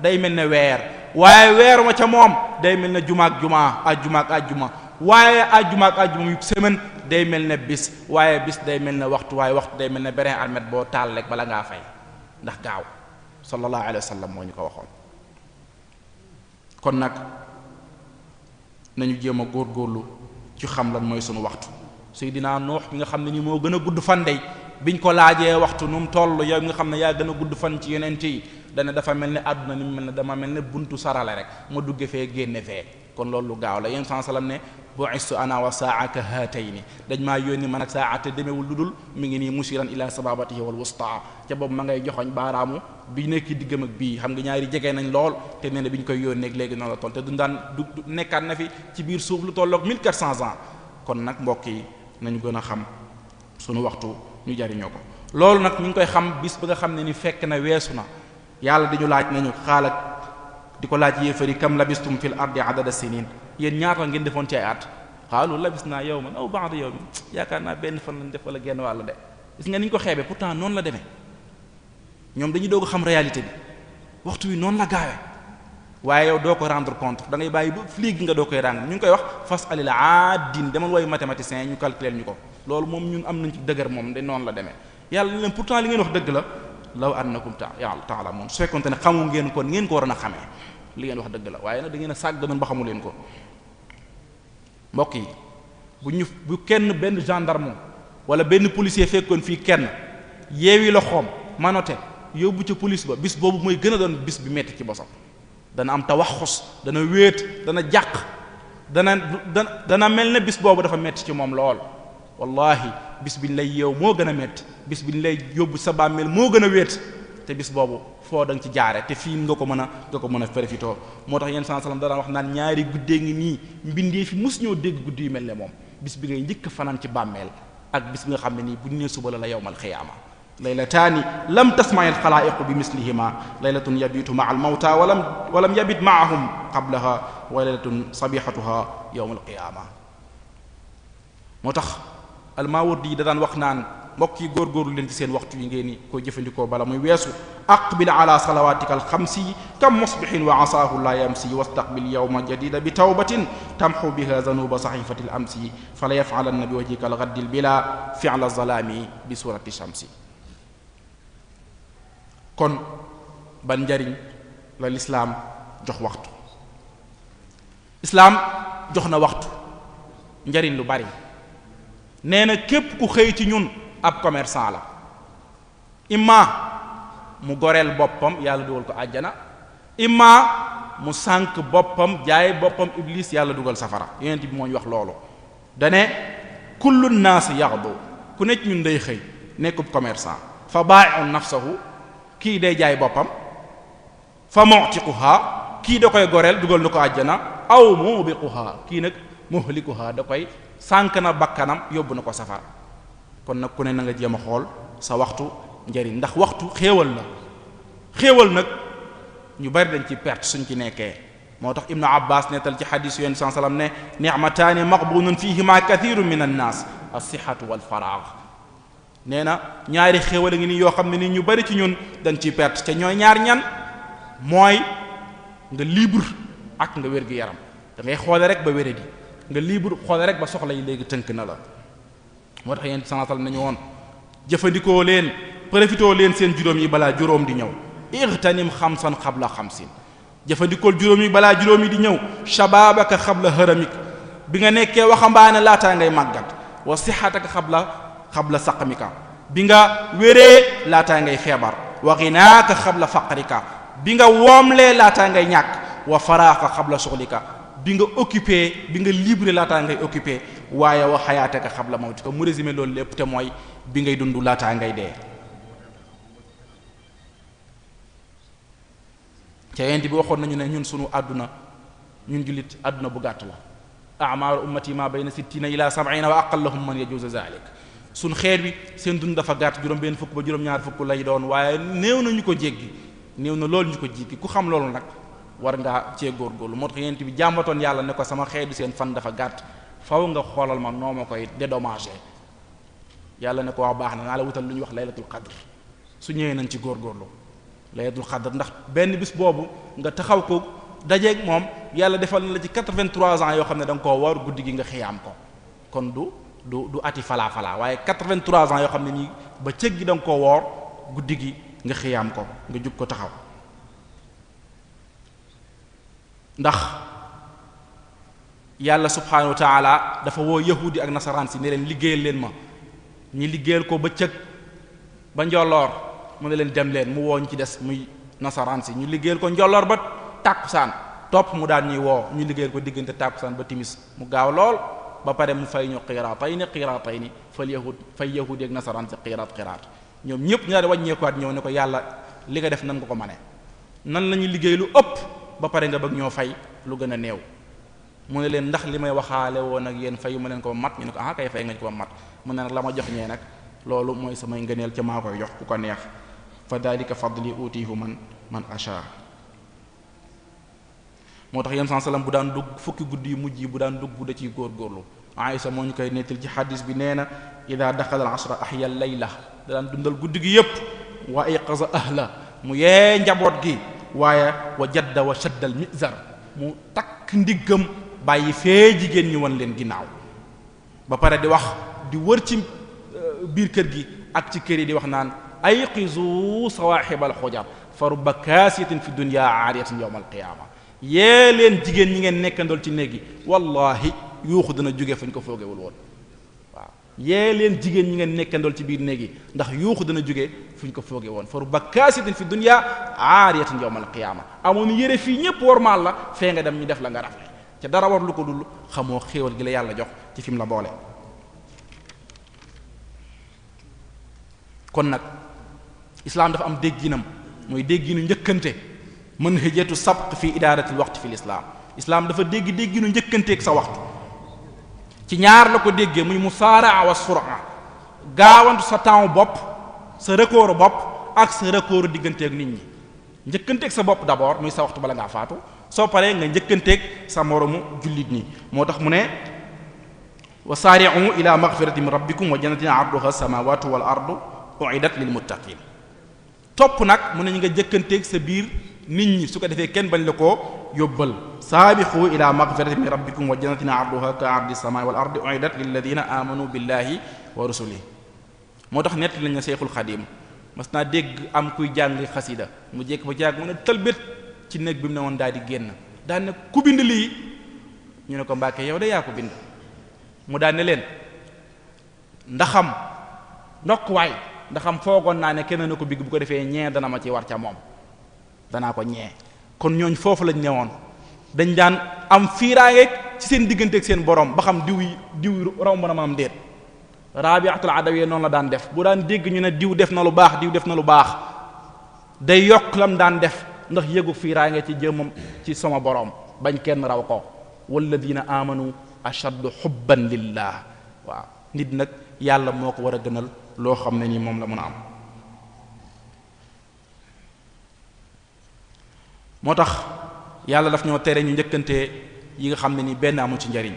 Speaker 1: day mel ne weer waaye weer ma ca moom day mel ne jumaak jumaa ajjumaak ajjuma waaye ajjumaak ajjuma yu semaine day mel ne bis waaye bis day mel ne waxtu waaye waxtu day mel ne beneen almet boo taal rek bala ngaa fay ndax gaaw sallallahu alayhi wa sallam moo ñu ko waxoon kon nag nañu jéem a góorgóorlu ci xam lan mooy sunu waxtu Seydina Nuux bi nga xam ne ni moo gën a gudd fan dey ñu ko laajee waxtu nu mu toll yow nga xam ne yaa gën a gudd fan ci yeneen yi dana dafa mel ni àdduna ni mu mel ne dama mel ne buntu sarale rek ma dugge fee génne fee kon loolu lu gaaw la yéen saa salaam ne bu'istu ana wa saa'ata haatayni dañ maa yónni man ak saa'ata demewul lu dul mi ngi nii mushiran ila sababatihi wal wusta ca boobu ma ngay joxoñ baaraamu bi nekk diggam ak bii xam nga ñaari jege nañ lool te nee na bi ñu koy yónnee léegi noonu la toll te duñ daan du nekkaat na fi ci biir suuf lu tolloog 1400 ans kon nag mbokk yi nañu gën a xam sunu waxtu ñu jariñoo ko loolu nag ñu ngi koy xam bis ba nga xam ne ni fekk na weesu na yàlla di ko laaj yéefari kam labistum fil ardi adada sinin yéen ñaata ngeen defoon ci ay at xaalu labis naa yawman aw ba'da yawmin yaakaar naa benn fan lañ def wala genn wàll de gis nga ni ñu ko xeebe pourtant noonu la demee ñoom dañuy doog xam réalité bi waxtu wi noonu la gaawee waaye doo ko rendre compte da ngay bàyyi ba léegi nga doo koy rendre ñu ngi koy wax fas alil aadin demal woyu mathématicien ñu calculer ñu ko loolu moom ñun am nañ ci dëgër moom de noonu la demee yàlla leen pourtant li ngeen wax dëgg la law annakum ta'lamun su fekkonte ne xamu ngeen kon ngeen ko waroon a xamee li ngeen wax dëgg la waaye nag da ngeen a sàgg man ba xamu leen ko mbokk yi bu ñu bu kenn benn gendarme wala benn policier fekkoon fii kenn yeewi loxoom xoom manote yóbbu ca police ba bis boobu mooy gën a doon bis bi metti ci bosam dana am xus dana wéet dana jàq dana dana mel ne bis boobu dafa metti ci moom lool wallahi bis biñ lay yeew moo gën a métti bis biñ lay yóbbu sa bàmmeel moo gën a wéet te bis boobu foo da ci jaare te fii nga ko mën a nga ko mën a profitoo moo tax yenn saa salaam dara wax naan ñaari guddee ngi nii mbindee fi mos ñoo dégg guddi yu mel ne moom bis bi ngay njëkk fanaan ci bàmmeel ak bis bi nga xam ne nii bu ñu nee suba la la yowmal xiyaama laylataani lam tasmaa alxalaayiqu bi mislihima laylatun yabitu maa almawta walam walam yabit maahum qablaha wa laylatun sabihatuha yowmal qiyaama moo almaawardi yi da daan wax naan mbokk yi góorgóorlu leen ci seen waxtu yi ngeen koy jëfandikoo bala muy weesu aqbil ala salawaatika alxamsi yi kam musbihin wa asaahu la yamsi wastaqbil yawma jadida bi tawbatin tamxu biha zanuba saxifati l amsi yi fala yafalanna bi wajhika algaddi bila fi'la zalaami bi surati shamsi kon ban njariñ la lislaam jox waxtu islaam jox na waxtu njariñ lu bari nee na képp ku xëy ci ñun ab commerçant la imma mu goreel boppam yàlla dugal ko àjjana imma mu sànq boppam jaay boppam iblis yàlla dugal safara yonent bi moo ñu wax loolu dane kullu naas yaxdu ku nekk ñun day xëy nekkub commerçant fa baa'i'un nafsahu kii day jaay boppam fa mu'tiquha kii da koy goreel dugal na ko àjjana aw mubiquha kii nag muhlikuha da koy sànq na bakkanam yóbbu na ko safara kon nag ku ne na nga jéem a xool sa waxtu njariñ ndax waxtu xéewal la xéewal nag ñu bari dañ ci perte suñ ci nekkee moo tax ibnu abbas nettal ci xadiis yoon saa sallam ne ni'mataani maqbunun fihima kathiru min an naas as-sihhatu wal faraag nee na ñaari xéewal a ngi nii yoo xam ne ni ñu bari ci ñun dañ ciy perte ca ñooy ñaar ñan mooy nga libre ak nga wér-gu-yaram da xoole rek ba wéradi nga libre xoole rek ba soxla yi léegi tënk na la moo tax yéen sanasal nañu woon jëfandikoo leen profitoo leen seen juróom yi balaa juróom di ñëw irtanim xab xabla xamsin jëfandikool juróom yi balaa juróom yi di ñëw shababaka xabla haramik bi nga nekkee waxambaane laataa ngay màggat wa sixataka xabla xabla saqmika bi nga wéree laataa ngay feebar wa xab la faqrika bi nga woomlee laataa ngay ñàkk wa faraaqa xabla suxlika bi nga occupé bi nga libre laataa ngay occupé waaye wa xayaataka xabla ko mu résumé loolu lépp te mooy bi ngay dund laataa ngay dee ca yent bi waxoon nañu ne ñun sunu àdduna ñun jullit àdduna bu gàtt la amaaru ummati ma bayna sittina ila sab'ina wa aqallahum man yajuzu zalik suñ xeer bi seen dund dafa gàtt juróom benn fukk ba juróom-ñaar fukk lay doon waaye néew na ñu ko jéggi néew na loolu ñu ko jéggi ku xam loolu nag war ngaa cee góorgóorlu moo tax yent bi jàmbatoon yàlla ne ko sama xeetu seen fan dafa gàtt faw nga xoolal ma noo ma koy dédommagé yàlla ne ko wax baax na naa la wutal lu ñuy wax laylatul qadr su ñëwee nañ ci góor góorgóorlu laylatul qadr ndax benn bis boobu nga taxaw ko dajeeg moom yàlla defal na la ci 83 ans yoo xam ne da nga koo war guddi gi nga xiyaam ko kon du du du ati falaa falaa waaye 83 ans yoo xam ne nii ba cëg gi da nga koo woor guddi gi nga xiyaam ko nga jug ko taxaw ndax yàlla subhaanahu wa taala dafa woo yahudi ak nasaraan si ne leen liggéeyal leen ma ñi liggéeyal ko ba bëccëg ba njolloor mu ne leen dem leen mu woo ñu ci des muy nasaraan si ñu liggéeyal ko njolloor ba tàkkusaan topp mu daan ñuy woo ñu liggéeyal ko diggante tàkkusaan ba timis mu gaaw lool ba pare mu fay ñu xiiraatay ni xiiraatay ni fal yahud fay yahudi ak nasaraan si xiiraat xiiraat ñoom ñëpp ñu daal wàññeekuwaat ñëw ne ko yàlla li nga def nan nga ko mane ba pare nga bëgg ñoo fay lu gën a néew mu ne leen ndax li may waxaale woon ak yéen fayu ma leen ko mat ñu ne ko ah kay fay nga ko mat mu ne nag la ma jox ñee nag loolu mooy samay ngëneel ca maa koy jox ku ko neex fa dalika fadli utiihu man man asha moo tax yéen sallam bu daan dugg fukki guddi yu mujj yi bu daan dugg da ciy góorgóorlu Aïsa moo ñu koy nettal ci xadis bi nee na ida daxala al asra ahya layla da daan dundal guddi gi yépp wa ayqaza mu yee njaboot gi waaye wa jadda wa shaddal mizar mu takk ndiggam bàyyi fee jigéen ñi wan leen ginnaaw ba pare di wax di wër ci euh, biir kër gi ak ci kër yi di wax naan ayqizu sawaxibal xujab fa rubba kaasiyatin fi dunya aariyatin yawm alqiyaama yée leen jigéen ñi ngeen nekkandool ci néeg yi wallahi yuuxu dana jóge fañ ko foogewul woon yee leen jigéen ñi ngeen nekkandool ci biir néeg yi ndax yuuxu dana jóge fu ñu ko foogee woon faru bakkaasitin fi dunya aariyatin yawmal qiyaama amoon yére fii ñépp wormaal la fee nga dem ñu def la nga rafle ca dara war lu ko dull xamoo xéewal gi la yàlla jox ci fi mu la boole kon nag islaam dafa am dégginam mooy dégginu njëkkante manhajatu sabq fi idaaratil waqt fil islaam islaam dafa dégg dégginu njëkkanteeg sa waxtu ci ñaar la ko déggee muy musaaraa wa suraa gaawantu sa temps bopp sa record bopp ak sa record digganteeg nit ñi njëkkanteeg sa bopp d'abord muy sa waxtu bala ngaa faatu soo paree nga njëkkanteeg sa moromu jullit nii moo tax mu ne wa saari'u ila maghfirati min rabbikum wa jannatin 'arduha as-samawatu wal ardu u'iddat lil muttaqin topp nag mu ne ñu nga jëkkanteeg sa biir nit ñi su ko defee kenn bañ la koo yóbbal saabiqu ila maghfirati min rabbikum wa jannatin arduha ka ardi samai wal ardi uidat lilladina amanu billahi wa rusulihi moo tax nett lañ na Seexul Xadiim mas naa dégg am kuy jàng xasida mu jekk ba jàng mu ne ci néeg bi mu ne daal di génn daan ne bind lii ñu ne ko Mbàkke yow de yaa bind mu daan ne leen ndaxam ndokk waay ndaxam foogoon naa ne kenn na ko bigg bu ko defee ñee dana ma ci war ca moom danaa ko ñee kon ñooñ foofu lañ newoon dañ daan am fiiraangeeg ci seen digganteeg seen borom ba xam diw yi diw romb na ma am déet rabiatul yee noonu la daan def bu daan dégg ñu ne diw def na lu baax diw def na lu baax day yokk lam daan def ndax yëgu fiiraange ci jëmmam ci sama borom bañ kenn raw ko walladina amanu ashaddu xubban lillah waaw nit nag yàlla moo ko war a gënal loo xam ne nii moom la mun a am moo tax yàlla daf ñoo tere ñu njëkkante yi nga xam ne ni benn amul ci njariñ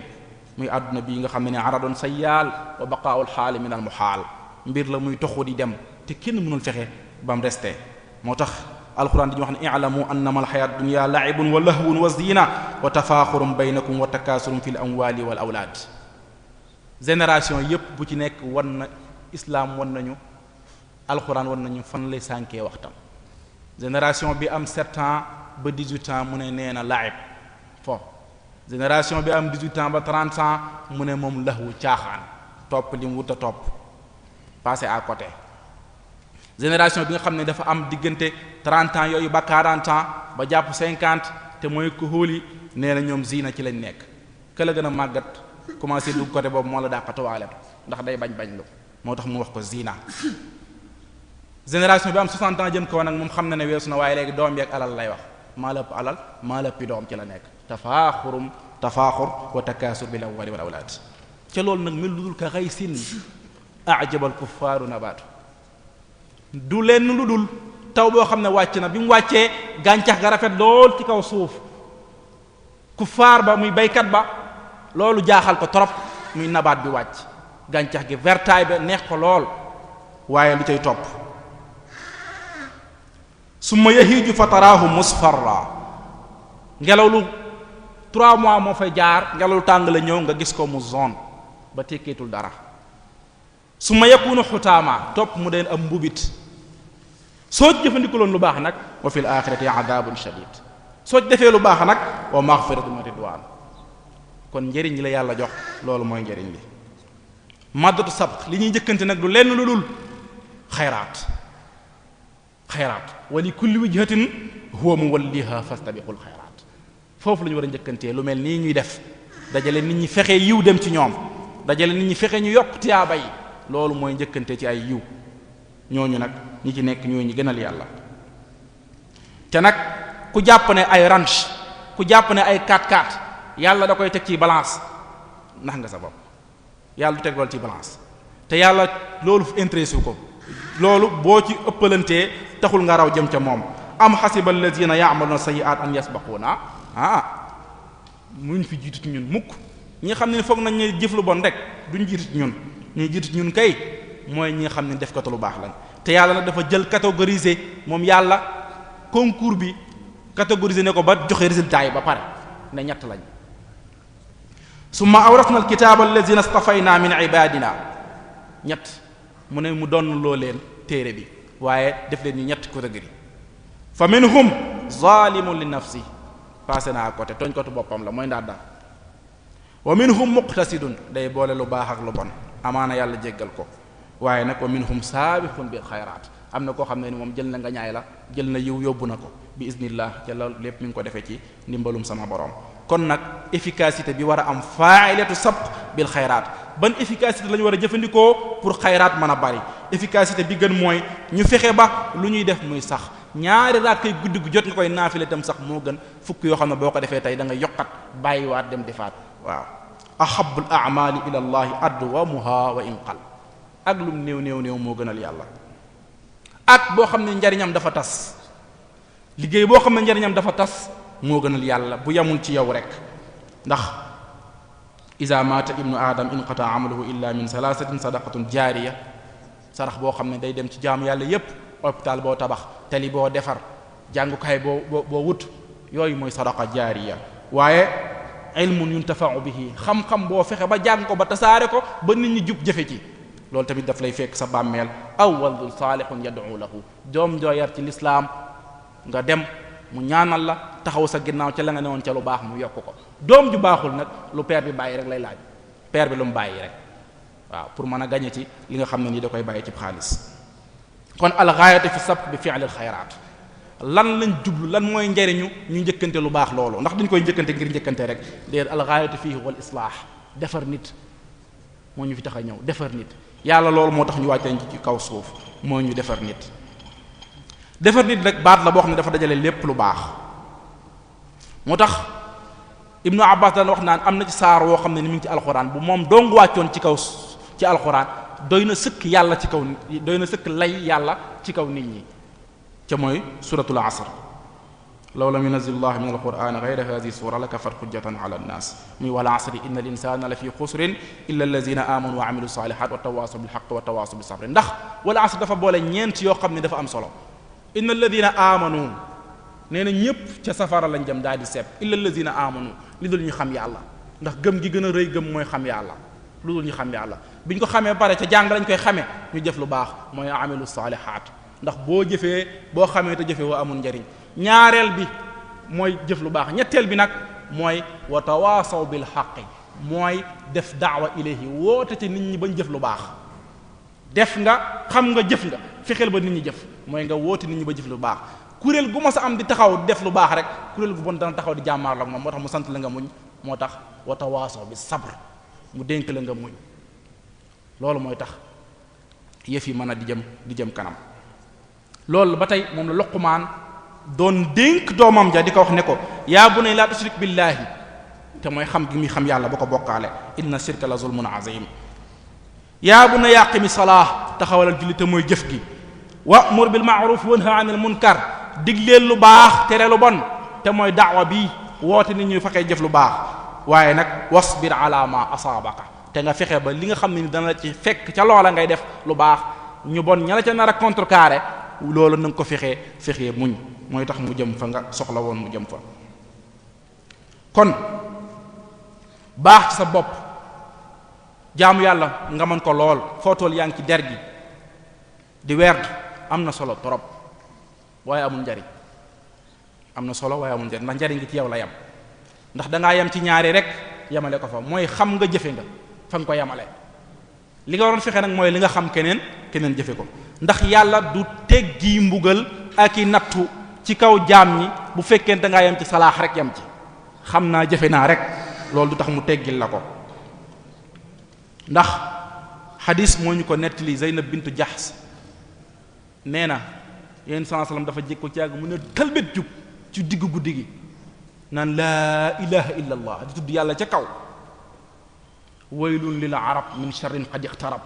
Speaker 1: muy àdduna bi yi nga xam ne ni aradon sayyaal wa baqaawul xaali min al muhaal mbir la muy toxu di dem te kenn mënul fexe ba mu resté moo tax alquran dañu wax ne i'lamu annama alxayaat dunya la'ibun wa lahwun wa zina wa tafaaxurun baynakum wa takaasurum fi l amwaali wal awlaad génération yépp bu ci nekk wan na islaam wan nañu alquran wan nañu fan lay sànkee waxtam génération bi am sept ba 18 ans mu ne nee na laayib fo génération bi am 18 ans ba trente ans mu ne moom laxwu caaxaan topp li mu wut a topp passé à côté génération bi nga xam ne dafa am diggante 30 ans yooyu ba 40 ans ba jàpp 50 te mooy ku xóoli nee na ñoom zina ci lañ nekk ka la gën a màggat commencé dugg côté boobu moo la dàqatuwaale ndax day bañ bañ lu moo tax mu wax ko zina génération bi am 60 ans jëm kaw nag moom xam na ne weesu na waaye léegi doom alal lay wax maa la ëpp alal maa la ëpp ci la nekk tafaaxurum tafaaxur wa takaasur bil amwaali wal awlaad ca loolu nag mel ludul ka xaysin ajabal kuffaaru nabaatu du lenn lu dul taw boo xam ne wàcc na bi mu wàccee gàncax ga rafet lool ci kaw suuf kuffaar ba muy baykat ba loolu jaaxal ko trop muy nabaat bi wàcc gàncax gi vertaay ba neex ko lool waaye lu cay topp summa yahiiju fa taraahu musfarra ngelaw lu trois mois moo fay jaar ngelaw lu tàng la ñëw nga gis ko mu zone ba tekkeetul dara su ma yakunu xutaama topp mu deen am mbubit soo ci jëfandikuloon lu baax nag wa fil axirati adabun shadid soo ci defee lu baax nag wa maxfiratun wa ridwan kon njëriñ li la yàlla jox loolu mooy njëriñ li maddatu sabq li ñuy njëkkante nag du lenn lu dul xayraat xayraat ku li kulli wijhatin huwa muwalliha fastabiqul xayraat foofu lañu war a njëkkantee lu mel nii ñuy def dajale nit ñi fexee yiw dem ci ñoom dajale nit ñi fexe ñu yokk tiyaaba yi loolu mooy njëkkante ci ay yiw ñooñu nag ñi ci nekk ñooñu gënal yàlla te nag ku jàpp ne ay ranch ku jàpp ne ay 4-4 yàlla da koy teg ci balance ndax nga sa bopp yàlla du teg loolu ci balance te yàlla loolu fu intéressé ko loolu boo ci ëppalantee taxul nga raw jëm ca moom am xasiba allazina ya'maluna sayyi'at an yasbaquna ah muñ fi jiitu ci ñun mukk ñi xam ne foog nañ ne jëf lu bon rek duñ jiitu ci ñun ñuy jiitu ci ñun kay mooy ñi xam ne def ko katu lu baax lañ te yàlla na dafa jël catégorisé moom yàlla concours bi catégorisé ne ko ba joxe résultat yi ba pare ne ñett lañ summa awrasna alkitaba allazina istafayna min ibadina ñett mu ne mu doon loo leen téere bi waaye def leen ñu ñetti catégorie fa minhum zalimun li nafsi passé na à côté tooñ kotu boppam la mooy ndaa daal wa minhum muqtasidun day boole lu baax ak lu bon amaana yàlla jéggal ko waaye nag wa minhum saabixun bi xayraat am na koo xam ne ni moom jël na nga ñaay la jël na yiw yóbbu na ko bi isnillah ca loolu lépp mi ngi ko defee ci ndimbalum sama borom kon nag efficacité bi war a am fa'ilatu sabq bil xayraat ban efficacité la war a jëfandikoo pour xayraat mën a bari efficacité bi gën mooy ñu fexe ba lu ñuy def muy sax ñaari rakkay guddi gu jot nga koy naafile itam sax moo gën fukk yoo xam ne boo ko defee tey da nga yokkat bàyyiwaat dem defaat waaw ahabul amali ila llahi adwamuha wa inqal ak lum néew néew néew moo gënal yàlla ak boo xam ne njariñam dafa tas liggéey boo xam ne njariñam dafa tas moo gënal yàlla bu yamul ci yow rek ndax isa mata ibnu adam inqata amaluhu illa min salasatin sadaqatun jaariya sarax boo xam ne day dem ci jaamu yàlla yépp hôpital boo tabax tali boo defar jàngukaay boo boo boo wut yooyu mooy sadaqa jaariya waaye ilmun yuntafa'u bihi xam-xam boo fexe ba jàng ko ba tasaare ko ba nit ñi jub jëfe ci loolu tamit daf lay fekk sa bàmmeel aw waladun saalihun yad'u lahu doom joo yar ci lislaam nga dem mu ñaanal la taxaw sa ginnaaw ci la nga newoon ca lu baax mu yokk ko doom ju baaxul nag lu père bi bàyyi rek lay laaj peer bi lu mu bàyyi rek waaw pour mën a gañe ci li nga xam ne nii da koy bàyyi ci xaalis kon alxaayatu fi sab bi fi'lil xayraat lan lañ jublu lan mooy njariñu ñu njëkkante lu baax loolu ndax dañ koy njëkkante ngir njëkkante rek déet alxaayatu fii wal islaax defar nit moo ñu fi tax ñëw defar nit yàlla loolu moo tax ñu wàcce ci kaw suuf moo ñu defar nit defar nit nag baat la boo xam ne dafa dajale lépp lu baax moo tax ibnu abbas daan wax naan am na ci saar woo xam ne ni mu ngi ci alxuraan bu moom dong wàccoon ci kaw ci alxuraan doy na sëkk yàlla ci kaw doy na sëkk lay yàlla ci kaw nit ñi ca mooy suratul asr la lam yunazil allah min alquran gayra hadihi sura lakafat a ala annas muy wal asri inna al insana la fi xusrin illa allazina amanu wa amilu ndax wal asr dafa boole ñeent yoo xam ne dafa am solo inna alladina amanu nee na ñépp ca safara lañ jëm daal di sepp illa alladina amanu li dul ñu xam yàlla ndax gëm gi gën a rëy gëm mooy xam yàlla lu dul ñu xam yàlla bi ñu ko xamee pare ca jàng lañ koy xamee ñu jëf lu baax mooy amilu saalihaat ndax boo jëfee boo xamee te jëfee wa amul njariñ ñaareel bi mooy jëf lu baax ñetteel bi nag mooy wa tawaasaw bil xaqi mooy def daawa ilayhi woote ci nit ñi bañ jëf lu baax def nga xam nga jëf nga fexeel ba nit ñi jëf mooy nga woote nit ñi ba jëf lu baax kuréel gu ma sa am di taxaw def lu baax rek kuréel gu bon dana taxaw di jàmmaarloo ak moom moo tax mu sant la nga muñ moo tax wa tawaasoo bi sabr mu dénk la nga muñ loolu mooy tax yëf yi mën a di jëm di jëm kanam loolu ba tey moom la Luqmaan doon dénk doomam ja di ko wax ne ko yaa bunayya laa tushrik billaahi te mooy xam gi muy xam yàlla ba ko bokkaale inna shirka la zulmun azim yaa bunayya aqimi salaah taxawalal julli te mooy jëf gi waa wa'mur bil ma'ruf wanha 'anil munkar digleel lu baax tere lu bon te mooy daawa bi woote nit ñuy fexee jëf lu baax waaye nag wasbir ala ma asaabaka te nga fexe ba li nga xam ne ni dana la ci fekk ca loola ngay def lu baax ñu bon ña la ca nar a contrecarré loolu na ko fexee fexee muñ mooy tax mu jëm fa nga soxla woon mu jëm fa kon baax ci sa bopp jaamu yàlla nga mën ko lool foo toll yaa ngi ci der gi di weer am na solo trop waaye amul njariñ am na solo waaye amul njariñ ndax njariñ gi ci yow la yam ndax dangaa yam ci ñaari rek yamale ko fa mooy xam nga jëfe nga fa ko yamale li nga waroon fexe nag mooy li nga xam keneen keneen jëfe ko ndax yàlla du teggi mbugal ak i nattu ci kaw jaam ñi bu fekkee dangaa yam ci salaax rek yam ci xam naa jëfe naa rek loolu du tax mu teggil la ko ndax xadis moo ñu ko nettali na bintu Jahsh nee na yenn saa salaam dafa jekk ci àgg mu ne talbet jub ci diggu guddi gi naan laa ilaha illa allah di tudd yàlla ca kaw waylun lil arab min sharrin qad iqtarab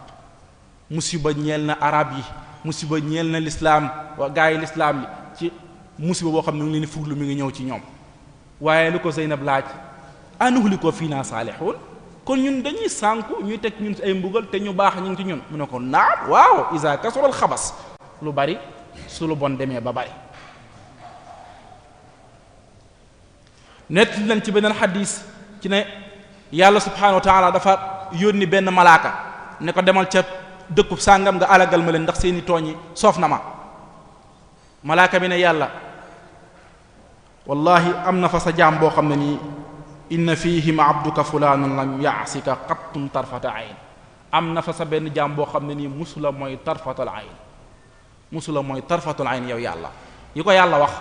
Speaker 1: musiba ñeel na arab yi musiba ñeel na lislaam waa gaa yi lislaam yi ci musiba boo xam ne ngi leen fuglu mi ngi ñëw ci ñoom waaye lu ko Zeynab laaj anuhli ko fii naa saalixuun kon ñun dañuy sànku ñuy teg ñun si ay mbugal te ñu baax ñu ngi ci ñun mu ne ko naam waaw isa kasural xabas lu bari su lu bon demee ba bari nett nañ ci beneen xadis ci ne yàlla subhanahu wa dafa yónni benn malaaka ne ko demal ca dëkkub sàngam nga alagal ma leen ndax seeni tooñ yi soof na ma malaaka bi ne yàlla wallahi am na fa sa jaam boo xam ne nii inna fihim abduka fulanan lam yaasika xattum tarfata ayn am na fa sa benn jaam boo xam ne nii musula mooy tarfatal ayn mosula mooy tarfatul ayn yow yàlla yi ko yàlla wax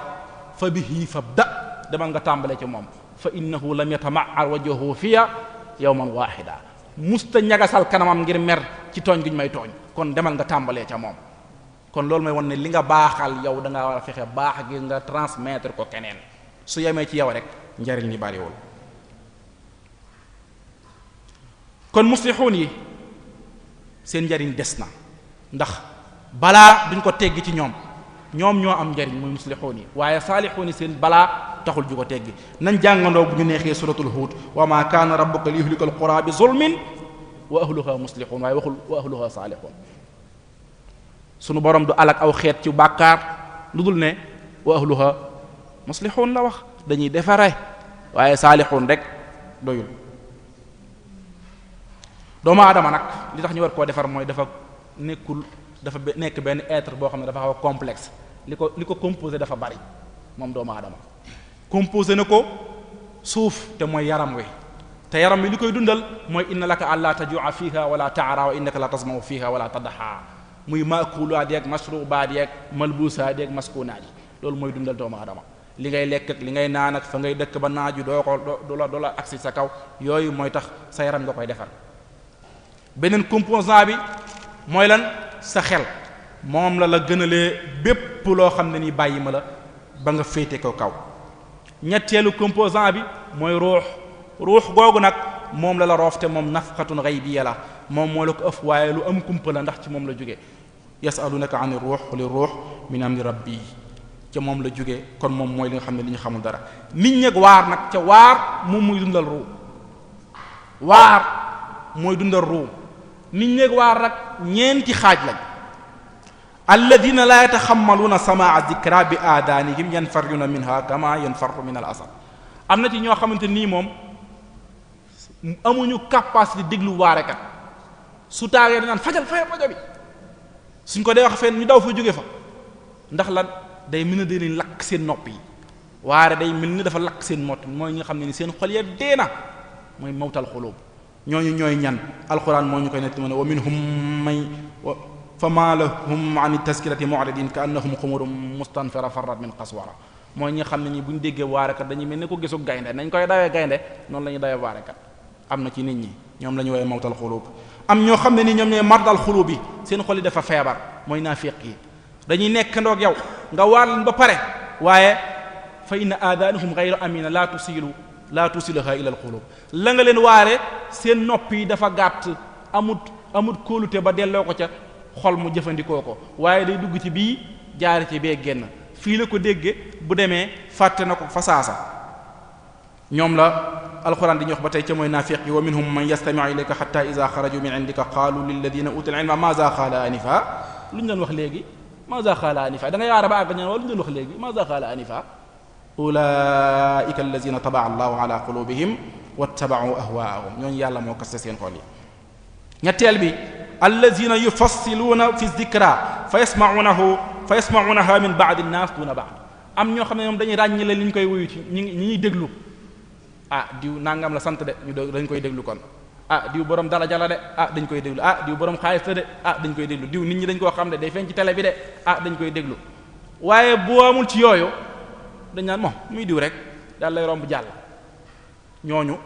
Speaker 1: fa bi bihi da demal nga tàmbale ca moom fa innahu lam yatama'ar wajhuhu fiya yawman wahida musta ñagasal kanamam ngir mer ci tooñ guñ may tooñ kon demal nga tàmbalee ca moom kon loolu may won ne li nga baaxal yow da war a fexe baax gi nga transmettre ko keneen su yemee ci yow rek njariñ li bariwul kon muslixuun yi seen njariñ des na ndax balaa duñ ko tegg ci ñoom ñoom ñoo am njariñ muy muslixuun yi waaye saalixuun yi seen balaa taxul ju ko teggi nañ jàngandoo bu ñu neexee suratul huud wa ma kaana rabbuka li yuhlika al qura bi zulmin wa ahluha muslixuun waaye waxul wa ahluha sunu borom du alak aw xeet ci bàkkaar lu dul ne wa ahluha muslixuun la wax dañuy defare waaye saalixuun rek doyul doomu aadama nag li tax ñu war koo defar mooy dafa nekkul dafa nekk benn être boo xam ne dafa xaw a complexe li ko li ko composé dafa bari moom doomu aadama composé na ko suuf te mooy yaram wi te yaram wi li koy dundal mooy inna laka àllaa tajua fiha wala taara wa innaka la fii fiha wala tadaxaa muy maakulaat yeeg masrubaat yeeg malbuusaat yeeg maskunaat yi loolu mooy dundal doomu adama li ngay lekk li ngay naan ak fa ngay dëkk ba naaju doo ko doo la doo la agsi sa kaw yooyu mooy tax sa yaram nga koy defar sa xel moom la la gënalee bépp loo xam ne ni bàyyi ma la ba nga féete ko kaw ñetteelu composant bi mooy ruux ruux googu nag moom la la roof te moom nafxatun bi la moom mooy la ko ëf waaye lu am kumpa la ndax ci moom la jóge yasalunaka ani ruux li ruux min amri rabbi ca moom la jóge kon moom mooy li nga xam ne li ñu xamul dara nit ñeek waar nag ca waar moom muy dundal ruu waar mooy dundal ruu niñ néeg waar rak ñeenti xaaj lañ alladina la yataxammaluuna samaa zikra bi aadanihim yanfaruna minha kama yanfaru min al asad am na ci ñoo xamante nii moom amuñu capacité déglu waarekat su taagee danaan fajal fajal fajal bi suñ ko dee wax fen ñu daw fa jóge fa ndax la day mel ni day lakk seen nopp yi waare day mel ni dafa lakk seen mott mooy nga xam ne ni seen xol ya dee na mooy mawtal xoloobu ñooñu ñooy ñan alquran moo ñu koy nett mu ne wa minhum may fa ma lahum an tazkirati mu'ridin ka annahum xumurum mustanfira farrat min qaswara mooy ñi xam ne ñi bu ñu déggee waarekat dañuy mel ni ko gisu gaynde nañ koy dawee gaynde noonu la ñuy dawee waarekat am na ci nit ñi ñoom la ñu woowee mawtal xulub am ñoo xam ne ni ñoom ñooy mardal xulub yi seen xol yi dafa feebar mooy naa naafiq yi dañuy nekk ndoog yow nga waar leen ba pare waaye fa inna aadaanahum ghayru amina la tusilu laa tusilaha ila al qulub la nga leen waare seen nopp yi dafa gàtt amut amut kóolute ba delloo ko ca xol mu jëfandikoo ko waaye day dugg ci bii jaari ci bee génn fii la ko dégge bu demee fàtte na ko fa saasa ñoom la alquran di ñu wax ba tey ca mooy naafiq yi wa minhum man yastami'u ilayka hatta idha xaraju min indika qaalu lilladina utul ilma maza xaala anifa lu ñu leen wax léegi maa xaala anifa da ngay aara ba àgg ñaan waa lu ñu doon wax léegi maza xaala anifa ulaika allazina tabaa allahu ala qulubihim wattabau ahwaahum ñooñu yàlla moo kaste seen xol yi ñetteel bi allazina yufassiluuna fi zikra fa yasmaunahu fa yasmaunaha min baadi nnaas duna baad am ñoo xam ne ñoom dañuy ràññile li ñu koy wuyu ci ñi ñu ñuy déglu ah diw nangam la sant de ñu dañ koy déglu kon ah diw borom daraja la de ah dañ koy déglu ah diw borom xaalis la de ah dañ koy déglu diw nit ñi dañ koo xam ne day feeñ ci télé bi de ah dañ koy déglu waaye boo ci yooyu dañ naan moom muy diw rek daal lay romb jàll ñooñu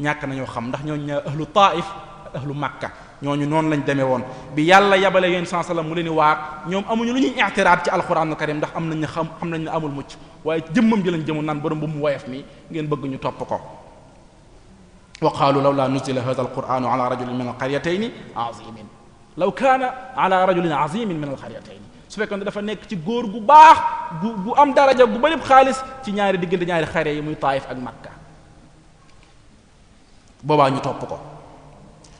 Speaker 1: ñàkk nañoo xam ndax ñooñu ñaa ahlu taif ahlu makka ñooñu noonu lañ demee woon bi yàlla yabale yéen saa salaam mu leen di waar ñoom amuñu lu ñuy i'tiraad ci alxuraanul karim ndax am nañ xam am nañ ne amul mucc waaye jëmmam ji lañ jëmu naan borom bu mu woyof mi ngeen bëgg ñu topp ko wa qaalu law laa nuzila hadha alquranu ala rajulin min alqaryatayni azimin law kaana ala rajulin azimin min alqaryatayni su fekkoon dafa nekk ci góor gu baax gu gu am daraja gu bari xaalis ci ñaari diggante ñaari xare yi muy Taayif ak Makka boobaa ñu topp ko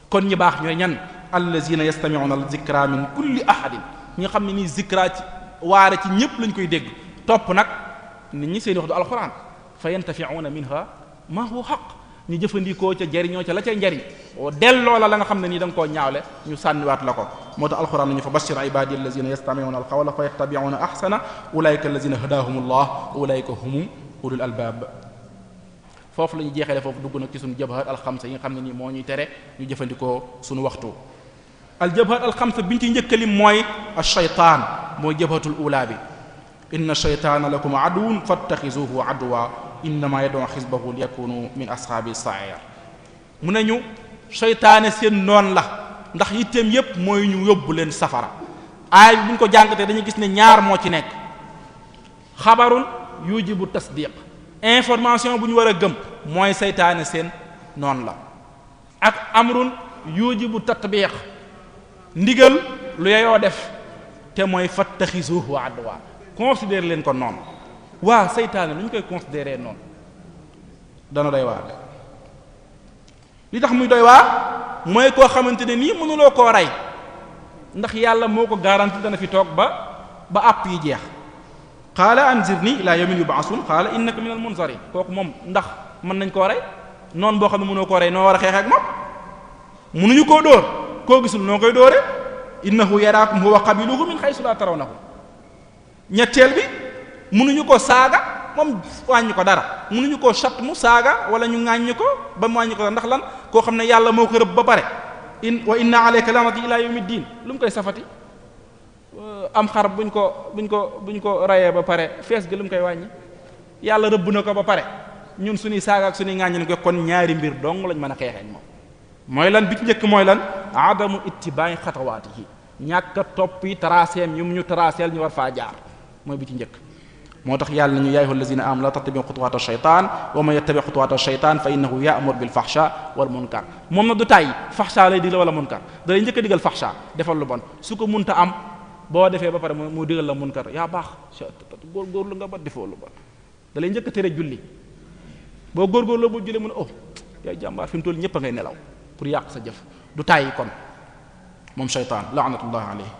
Speaker 1: kon ñi baax ñooy ñan allazina yastami'una al-zikra min kulli ahadin ñi xam ne nii zikra ci waare ci ñépp lañ koy dégg topp nag nit ñi seen wax du alquran fa yantafi'una minha ma huwa xaq ñu jëfandikoo ca jariñoo ca la cay njariñ delloo la la nga xam ne nii da koo ñaawle ñu sànniwaat la ko moo tax alquran nañu fa bashir ibadi allazina yastami'una alqawla fa yattabi'una ahsana ulaika allazina hadahumullah ulaika humum ulul albab foofu la ñu jeexale foofu dugg nag ci suñu jabhat alxamsa yi nga xam ne nii moo ñuy tere ñu jëfandikoo suñu waxtu aljabhat alxamsa bi ñu ci njëkkali mooy ashaytaan mooy jabhatul ula bi inna shaytaana lakum aduwwun fattaxizuhu aduwwa innama yad'u xisbahu liyakunu min ashaabi sair mu ne ñu seytaane seen noon la ndax yitteem yépp mooy ñu yóbbu leen safara aay bi bu ñu ko jàngatee dañu gis ne ñaar moo ci nekk xabarun yujibu tasdiq information bu ñu war a gëm mooy seytaane seen noon la ak amrun yujibu tatbiq ndigal lu yeyoo def te mooy fattaxisuhu adwa considère leen ko noonu waa seytaane lu ñu koy considéré noonu dana doy waar li tax muy doy waa mooy koo xamante ne nii mënuloo koo rey ndax yàlla moo ko garanti dana fi toog ba ba àpp yi jeex qaala anzirni ilaa yawmin yub'asun qaala innaka minal munzarin kooku moom ndax mën nañ koo rey noonu boo xam ne mënoo koo noo war a xeex ak moom mënuñu koo dóor koo gisul noo koy dóore innahu yaraakum huwa qabiluhu min haythu laa ko ñetteel bi mënuñu ko saaga moom wàññi ko dara mënuñu koo chat mu saaga wala ñu ŋàññi ko ba mu wàññi ko dara ndax lan koo xam ne yàlla moo ko rëbb ba pare in wa inna alayka lanati ila yawmi diin lu mu koy safati am xar buñ ko buñ ko buñ ko rayee ba pare fees gi lu mu koy wàññi yàlla rëbb na ko ba pare ñun suñuy saaga ak suñuy ŋàññi ko kon ñaari mbir dong lañ mën a xeexeen moom mooy lan bi ci njëkk mooy lan adamu ittiba'i xatawaati yi ñàkk a topp yi traceem ñu ñu traceel ñu war faa jaar mooy bi ci njëkk moo tax yàlla na ñu yaa ayyuhal lazina amanu la tattabi'u xutuwaata shaytaan wa man yattabi' xutuwaata shaytaan fa innahu ya'muru bil fahsha wal munkar moom na du tàyyi fahsha lay digle wala munkar da lay njëkk a digal fahsha defal lu bon su ko munta am boo defee ba pare mu digal la munkar yaa baax góor góorlu nga ba defoo lu bon da lay tere julli boo góorgóorloo bu julli mu ne oh yaay jàmbaar fi mu toll ñëpp a ngay nelaw pour yàq sa jëf du tàyyi kon moom shaytaan la'natullah alayhi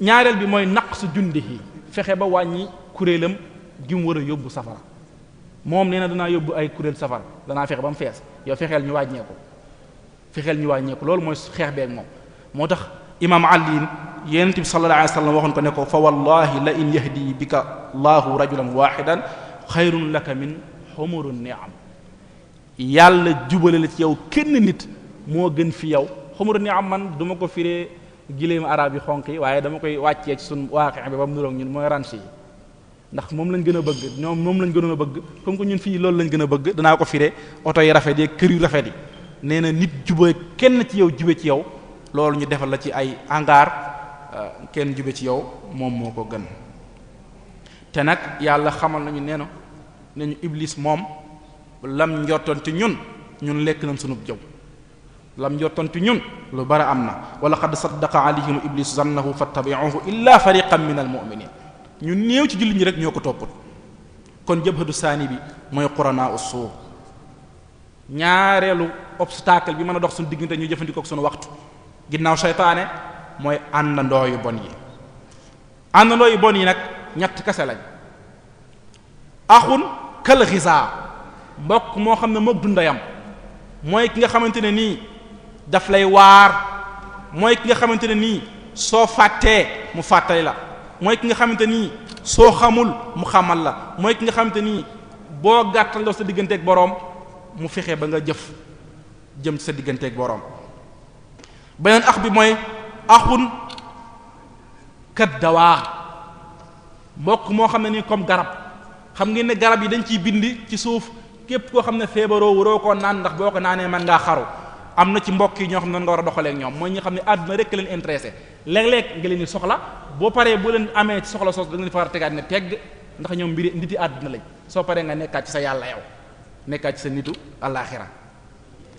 Speaker 1: ñaareel bi mooy naq su jundi yi fexe ba wàññi kuréelam gi mu war a yóbbu safara moom nee na danaa yóbbu ay kuréel safara danaa fexe ba mu fees yow fexeel ñu wàññeeku fexeel ñu wàññeeku loolu mooy xeex beeg moom moo tax imaam Ali yonent bi sallallahu alayhi wa sallam waxoon ko ne ko fa wallahi la in yahdi bika laahu rajulan wahidan xayrun laka min humurun ni'am yàlla jubale la ci yow kenn nit moo gën fi yow humurun ni'am man duma ko firee gileemu arab yi xonq yi waaye dama koy wàccee ci sunu waaqe bi ba mu nuroog ñun mooy ranch yi ndax moom lañ gën a bëgg ñoom moom lañ gënoon a bëgg comme que ñun fii loolu lañ gën a bëgg danaa ko fire oto yi rafet yi kër yu rafet yi nee na nit jubee kenn ci yow jube ci yow loolu ñu defal la ci ay hangar euh, kenn jube ci yow moom moo ko gën te nag yàlla xamal nañu nee na nañu iblis moom lam njortoon ci ñun ñun lekk nañ sunub jëw lam yottanti ñun lu bara am na wala qad saddaqa alayhim iblis zannahu fattabi'uhu illa fariqan min al mu'minin ñu néew ci jullit ñi rek ñoo ko toppat kon jabhatu saani bi mooy quranaa ussu ñaareelu obstacle bi mën a dox suñu diggante ñu jëfandikoo ak suñu waxtu ginnaaw seytaane mooy àndandoo yu bon yi àndandoo yu bon yi nag ñett kase lañ axun kal xisaa mbokk moo xam ne mook dundayam mooy ki nga xamante nii daf lay waar mooy ki nga xamante ne nii soo fàttee mu fàttali la mooy ki nga xamante ni soo xamul mu xamal la mooy ki nga xamante ni boo gàttal nga sa digganteeg boroom mu fexe ba nga jëf jëm sa digganteeg boroom beneen ax bi mooy axun kat dawaa mbokk moo xam ne nii comme garab xam ngeen ne garab yi dañ ciy bind ci suuf képp koo xam ne feebaroo wuroo koo naan ndax boo ko naanee mën ngaa xaru am na ci mbokk yi ñoo xam ne nga war a doxalee ak ñoom xam ne àdduna rek leen intéressé léeg-léeg nga leen di boo paree leen amee ci soxla soos da tegaat ne tegg ndax ñoom mbiri niti àdduna lañ soo paree nga nekkaat ci sa yàlla yow nekkaat ci sa nitu àllaaxira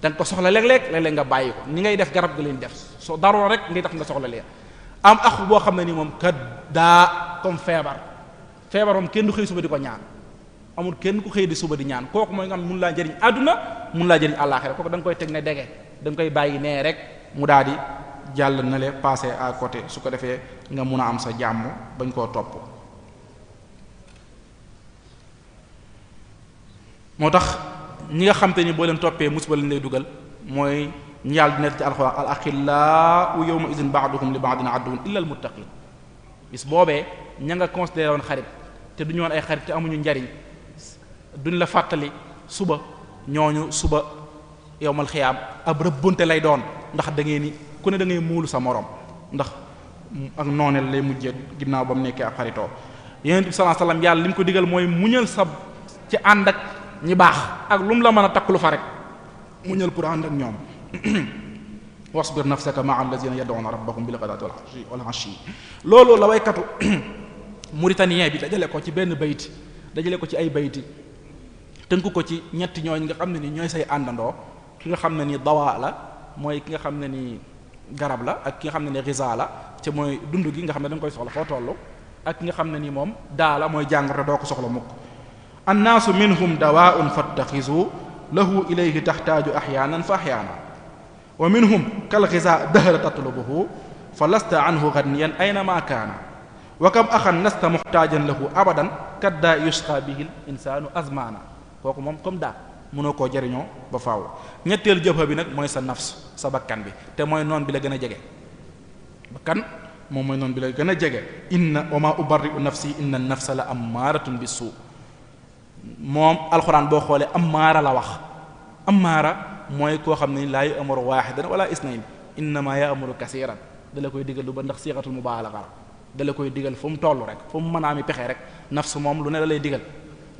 Speaker 1: da ko soxla léeg-léeg léeg-léeg nga bàyyi ko ni ngay def garab nga leen def soo daroo rek ngay tax nga soxla leen am axu boo xam ne nii moom kat daa comme feebar feebar moom kenn du xëy suba di ko ñaan amul kenn ku xëy di suba di ñaan kooku mooy nga xam mun laa jëriñ àdduna mun laa jëriñ àllaaxira kooku
Speaker 2: da koy teg ne dege
Speaker 1: da nga koy bàyyi nee rek mu daal di jàll na le passer à côté su ko defee nga mun a am sa jàmm bañ koo topp moo tax ñi nga xamte ni boo leen toppee musiba lañ lay dugal mooy ñu yàlla di nekk ci alxuraan al axillaa yawma idin ba'duhum li ba'din aduwwun illa al muttaqin bis boobee ña nga considéré woon xarit te du ñu woon ay xarit te amuñu njariñ duñ la fàttali suba ñooñu suba yow yowmal xiyaam ab rëbbunte lay doon ndax da ngeen ni ku ne da ngay muulu sa morom ndax ak nooneel lay mujjee ginnaaw ba mu nekkee ak xaritoo yonent bi sallallahu alayhi wasallam yàlla li mu ko digal mooy muñal sa ci ànd ak ñi baax ak lu mu la mën a takk lu fa rek muñal pour ànd ak ñoom wasbir nafsaka ma'a allazina yad'una rabbahum bil ghadati wal ashi loolu la waykatu mauritanien bi dajale ko ci benn bayti dajale ko ci ay bayti tënk ko ci ñetti ñooñ nga xam ne ni ñooy say àndandoo ki nga xam ne ni dawaa la mooy ki nga xam ne ni garab la ak ki nga xam ne ni risa la te mooy dund gi nga xam ne da koy soxla foo toll ak ki nga xam ne ni moom daa la mooy jàngoro doo ko soxla mukk annaasu minhum dawaun fattaxisu lahu ilayhi taxtaaju axyaanan fa axyaana wa minhum kal risa dahra tatlubuhu fa lasta anhu ganiyan aynama kaana wa kam axan lasta muxtaajan lahu abadan kat daa yusqa bihi l insaanu azmaana kooku moom comme daa mënoo koo jariñoo ba faaw ñetteelu jëfa bi nag mooy sa nafs sa bakkan bi te mooy noon bi la gën a jege bakkan moom mooy noon bi la gën a jege inna wa ma ubarri'u nafsi inna nafsa la am bi bisu moom alxuraan boo xoolee am ammaara la wax ammaara mooy koo xam ne laa ya'muru waahidan wala isnayn innama ya'muru kasiran dala koy digal lu ba ndax siixatul mubaalaga dala koy digal fu mu toll rek fu mu mën a ami pexe rek nafs moom lu ne lay digal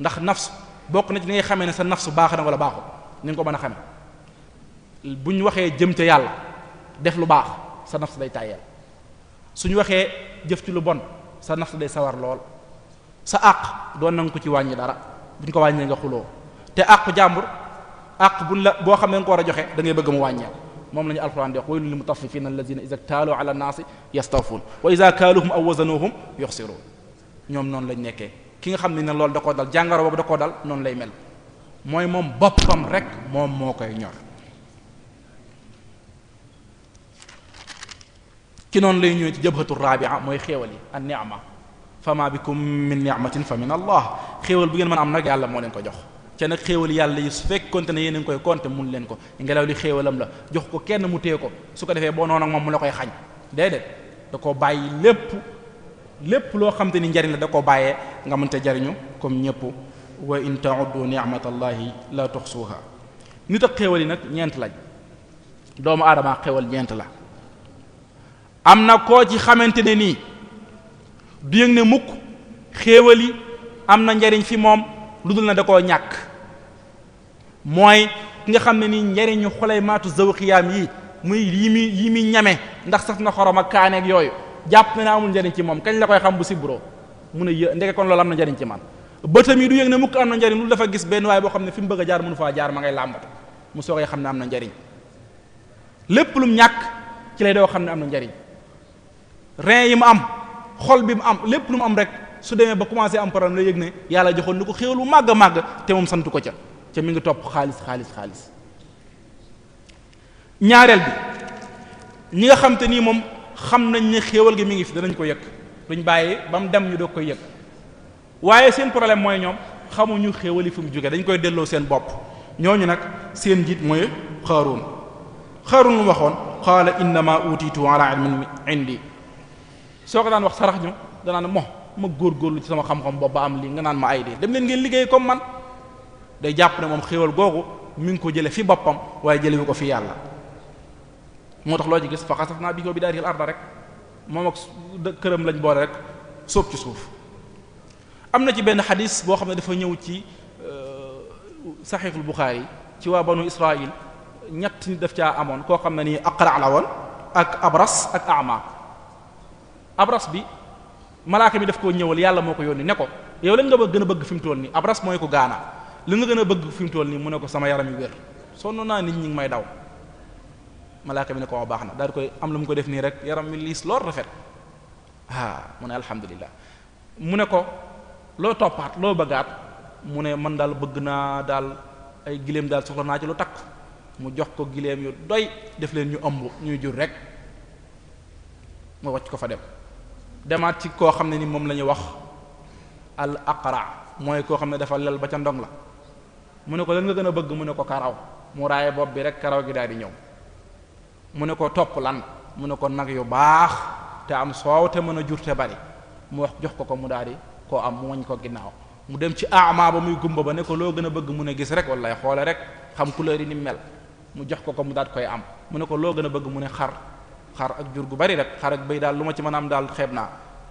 Speaker 1: ndax nafs bokk na ci li ngay xamee ne sa nafsu baax na wala baaxul ni nga ko mën a xamee bu ñu waxee jëm ca yàlla def lu baax sa nafsu day tàyyeel suñu waxee jëf ci lu bon sa nafsu day sawar lool sa àq doon nanga ko ci wàññi dara buñ ko wàññee nga xuloo te àqu jàmbur àq buñ la boo xam ne nga ko war a joxe da ngay bëgg mu wàññeel moom la ñu alxuraan di fii waylun lil mutaffifina allazina iza taaloo ala naasi yastawfun wa iza kaaluhum aw wazanuhum yuxsiruun ñoom noonu lañ nekkee ki nga xam ne ne loolu da koo dal jàngoro boobu da ko dal noonu lay mel mooy moom boppam rek moom moo koy ñor ki noonu lay ñëwee ci jabhatu rabia mooy xéewal yi an ni'ma fama bikum min ni'matin fa min allah xéewal bu ngeen mën am nag yàlla moo leen ko jox te nag xéewal yàlla yi su fekkonte ne yéen a koy compter mun leen ko ngelaw li xéewalam la jox ko kenn mu téye ko su ko defee boo noonu ak moom mu la koy xañ déedéet da koo bàyyi lépp lépp loo xam ni njariñ la da ko bàyyee nga mënta jariñu comme ñëpp wa in ta'uddu ni'matallahi la tuhsuha nit ak xéewal yi nag ñeent lañ doomu aadama xéewal ñeent la am na koo ci xamante ne nii du yëg ne mukk xéewal yi am na njariñ fi moom lu dul na da ko ñàkk mooy ki nga xam ne nii njariñu xolay maatu zawqiyaam yi muy yi muy yi muy ñame ndax saf na xorom ak kaaneeg yooyu jàpp na amul njariñ ci moom kañ la koy xam bu sibroo mu ne yë ndeke kon loolu am na njariñ ci man bëtam yi du yëg ne mukk am na njariñ lu dafa gis benn waaye boo xam ne fi mu bëgg a jaar mënu faa jaar ma ngay làmbatu mu soogay xam ne am na njariñ lépp lum ñàkk ci lay doo xam ne am na njariñ rein yi mu am xol bi mu am lépp lu am rek su demee ba commencé am problème la yëg ne yàlla joxoon ni ko xéewal bu màgg a màgg te moom santu ko ca ca mi ngi topp xaalis xaalis xaalis xam nañ ni xéewal gi mi ngi fi danañ ko yëg duñ bàyyi ba mu dem ñu doog koy yëg waaye seen problème mooy ñoom xamuñu xéewal yi fu mu jógee dañ koy delloo seen bopp ñooñu nag seen njiit mooy xaaruun xaaruun lu waxoon qaala innama utitu ala ilmin indi soo ko daan wax sarax ñu danaa ne mo ma góorlu ci sama xam-xam bopp ba am lii nga naan ma ay dee dem leen ngeen liggéey comme man day jàpp ne moom xéewal googu mu ngi ko jële fi boppam waaye jëlewu ko fi yàlla moo tax loo ci gis fa naa bi ko bi daaril arda rek moom ak këram lañ boole rek sóob ci suuf am na ci benn xadis boo xam ne dafa ñëw ci euh, saxiixul Buxaari ci waa banu Israil ñett ñi daf caa amoon koo xam ne nii aqra la woon ak abras ak ama abras bi malaaka mi daf koo ñëwal yàlla moo ko yónni ne ko yow lan nga gën a bëgg fi mu toll nii abras mooy ko gaana li nga gën a bëgg fi mu toll nii mu ne ko sama yaram yu wér sonn naa nit ñi ngi may daw malaaka bi ne ko baax na daal koy am lu mu ko def nii rek yaram mi liis lool rafet ah mu ne alhamdulilah mu ne ko loo toppaat loo bëggaat mu ne man daal bëgg naa daal ay gileem daal soxla naa ci lu takk mu jox ko gileem yu doy def leen ñu ëmb ñuy jur rek mu wacc ko fa dem demaat ci koo xam ne ni moom la ñuy wax al aqra mooy koo xam ne dafa lel ba ca ndong la mu ne ko lan nga gën a bëgg mu ne ko karaw mu raaye bopp bi rek karaw gi daal di ñëw mu ne ko topp lan mu ne ko nag yu baax te am soow te mën a jur te bari mu wax jox ko ko mu daal di koo am mu wañ ko ginnaaw mu dem ci ama ba muy gumba ba ne ko loo gën a bëgg mun a gis rek wallaay xoole rek xam couleur yi ni mel mu jox ko ko mu daat koy am mu ne ko loo gën a bëgg mu ne xar xar ak jur gu bari rek xar ak bëy daal lu ma ci mën a am daal xeeb naa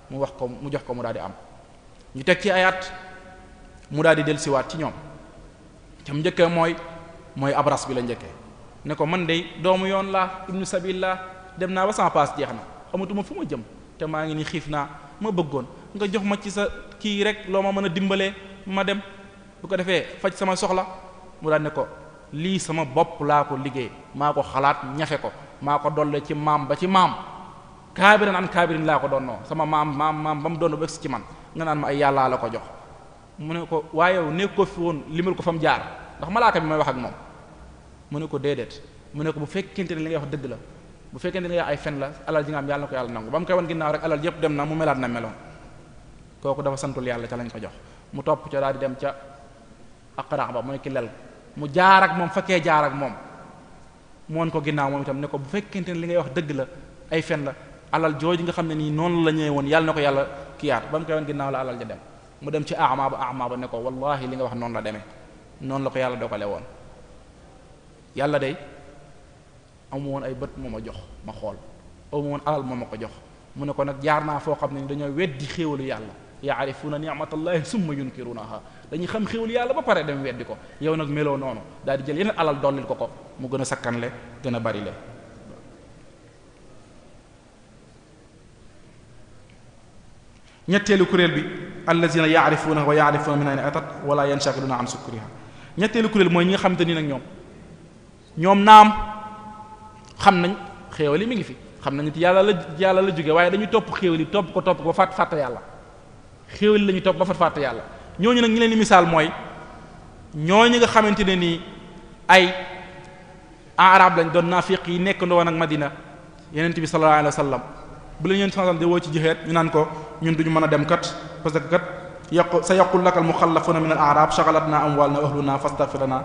Speaker 1: mu wax ko mu jox ko mu daal am ñu teg ci ayaat mu daal di dellusiwaat ci ñoom cam njëkkee mooy mooy abras bi la njëkkee ne ko man de doomu yoon laa ibnu sabil laa dem naa ba sama paas jeex na xamatuma fu ma jëm te maa ngi ni xiif naa ma bëggoon nga jox ma ci sa kii rek loo ma mën a dimbalee ma dem bu ko defee faj sama soxla mu daan ne ko lii sama bopp laa ko liggéey maa ko xalaat ñafe ko maa ko dolle ci maam ba ci maam kaabiran an kaabirin laa ko doonnoo sama maam maam maam ba mu doon bëgg si ci man nga naan ma ay yàllaa la ko jox mu ne ko waaye nekk ko fi woon limal ko fa mu jaar ndax malaaka bi may wax ak mu ne ko déedéet mu ne ko bu fekkente ne li ngay wax dëgg la bu fekkente ne ay fen la alal ji nga am yàlla ko yàlla nangu ba mu koy wan ginnaaw alal yëpp dem na mu melaat na meloon kooku dafa santul yàlla ca lañ ko jox mu topp ca daal dem ca aqra ba mooy ki lel mu jaar ak moom fekkee jaar moom mu won ko moom itam ne ko bu fekkente ne li ngay wax dëgg la ay fen la alal jooju nga xam ne nii noonu la ñëwee woon yàlla na ko yàlla kiyaat ba mu koy wan ginnaaw la alal ja dem mu dem ci ama ba ama ba ne ko wallahi li nga wax noonu la demee noonu la ko yàlla dogale woon yàlla day amu woon ay bët moom a jox ma xool amu woon alal moo ma ko jox mu ne ko nag jaar naa foo xam ne dañoo weddi xéewalu yàlla yaarifuuna ni'matallahi summa yunkirunaha dañuy xam xéewalu yàlla ba pare dem weddi ko yow nag meloo noonu daal di jël yeneen alal dollil ko ko mu gën a sakkanle gën a bari le ñetteelu kuréel bi allazina yaarifuunaha wa yaarifuuna min ayna atat wala am an sukriha ñetteelu kuréel mooy ñi nga xamante ni nag ñoom ñoom naam xam nañ xéewal li mu ngi fi xam nañ ci yàlla la yàlla la jóge waaye dañuy topp xéewal yi topp ko topp ko fàtt fàtt yàlla xéewal yi la ñuy topp ba fàtt fàtt yàlla ñooñu nag ñi leen di misaal mooy ñooñu nga xamante ne nii ay arab lañ doon naafiq yi nekk ndowoon ak Madina yenent bi sallallahu alayhi wa sallam bu leen yéen sallallahu alayhi wa sallam woo ci jixeet ñu naan ko ñun duñu mën a dem kat parce que kat yaqu sa yaqul laka al muxallafuna min al arab shaghalatna amwaluna wa ahluna fastaghfir lana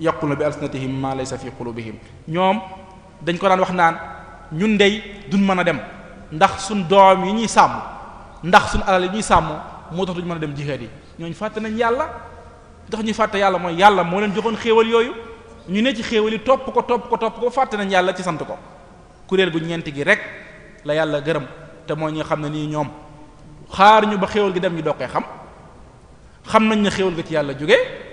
Speaker 1: yaquluna bi alsinatihim ma laysa fi qulubihim ñoom dañ ko daan wax naan ñun dey duñ mën a dem ndax suñ doom yi ñuy sàmm ndax suñ alal yi ñuy sàmm moo tax duñ mën a dem jihaad yi ñooñu fàtte nañ yàlla tax ñu fàtte yàlla mooy yàlla moo leen joxoon xéewal yooyu ñu ne ci xéewal yi topp ko topp ko topp ko fàtte nañ yàlla ci sant ko kuréel gu ñeent gi rek la yàlla gërëm te mooy ñu xam ne nii ñoom xaar ñu ba xéewal gi dem ñu doqee xam xam nañ ne xéewal ga ci yàlla jógee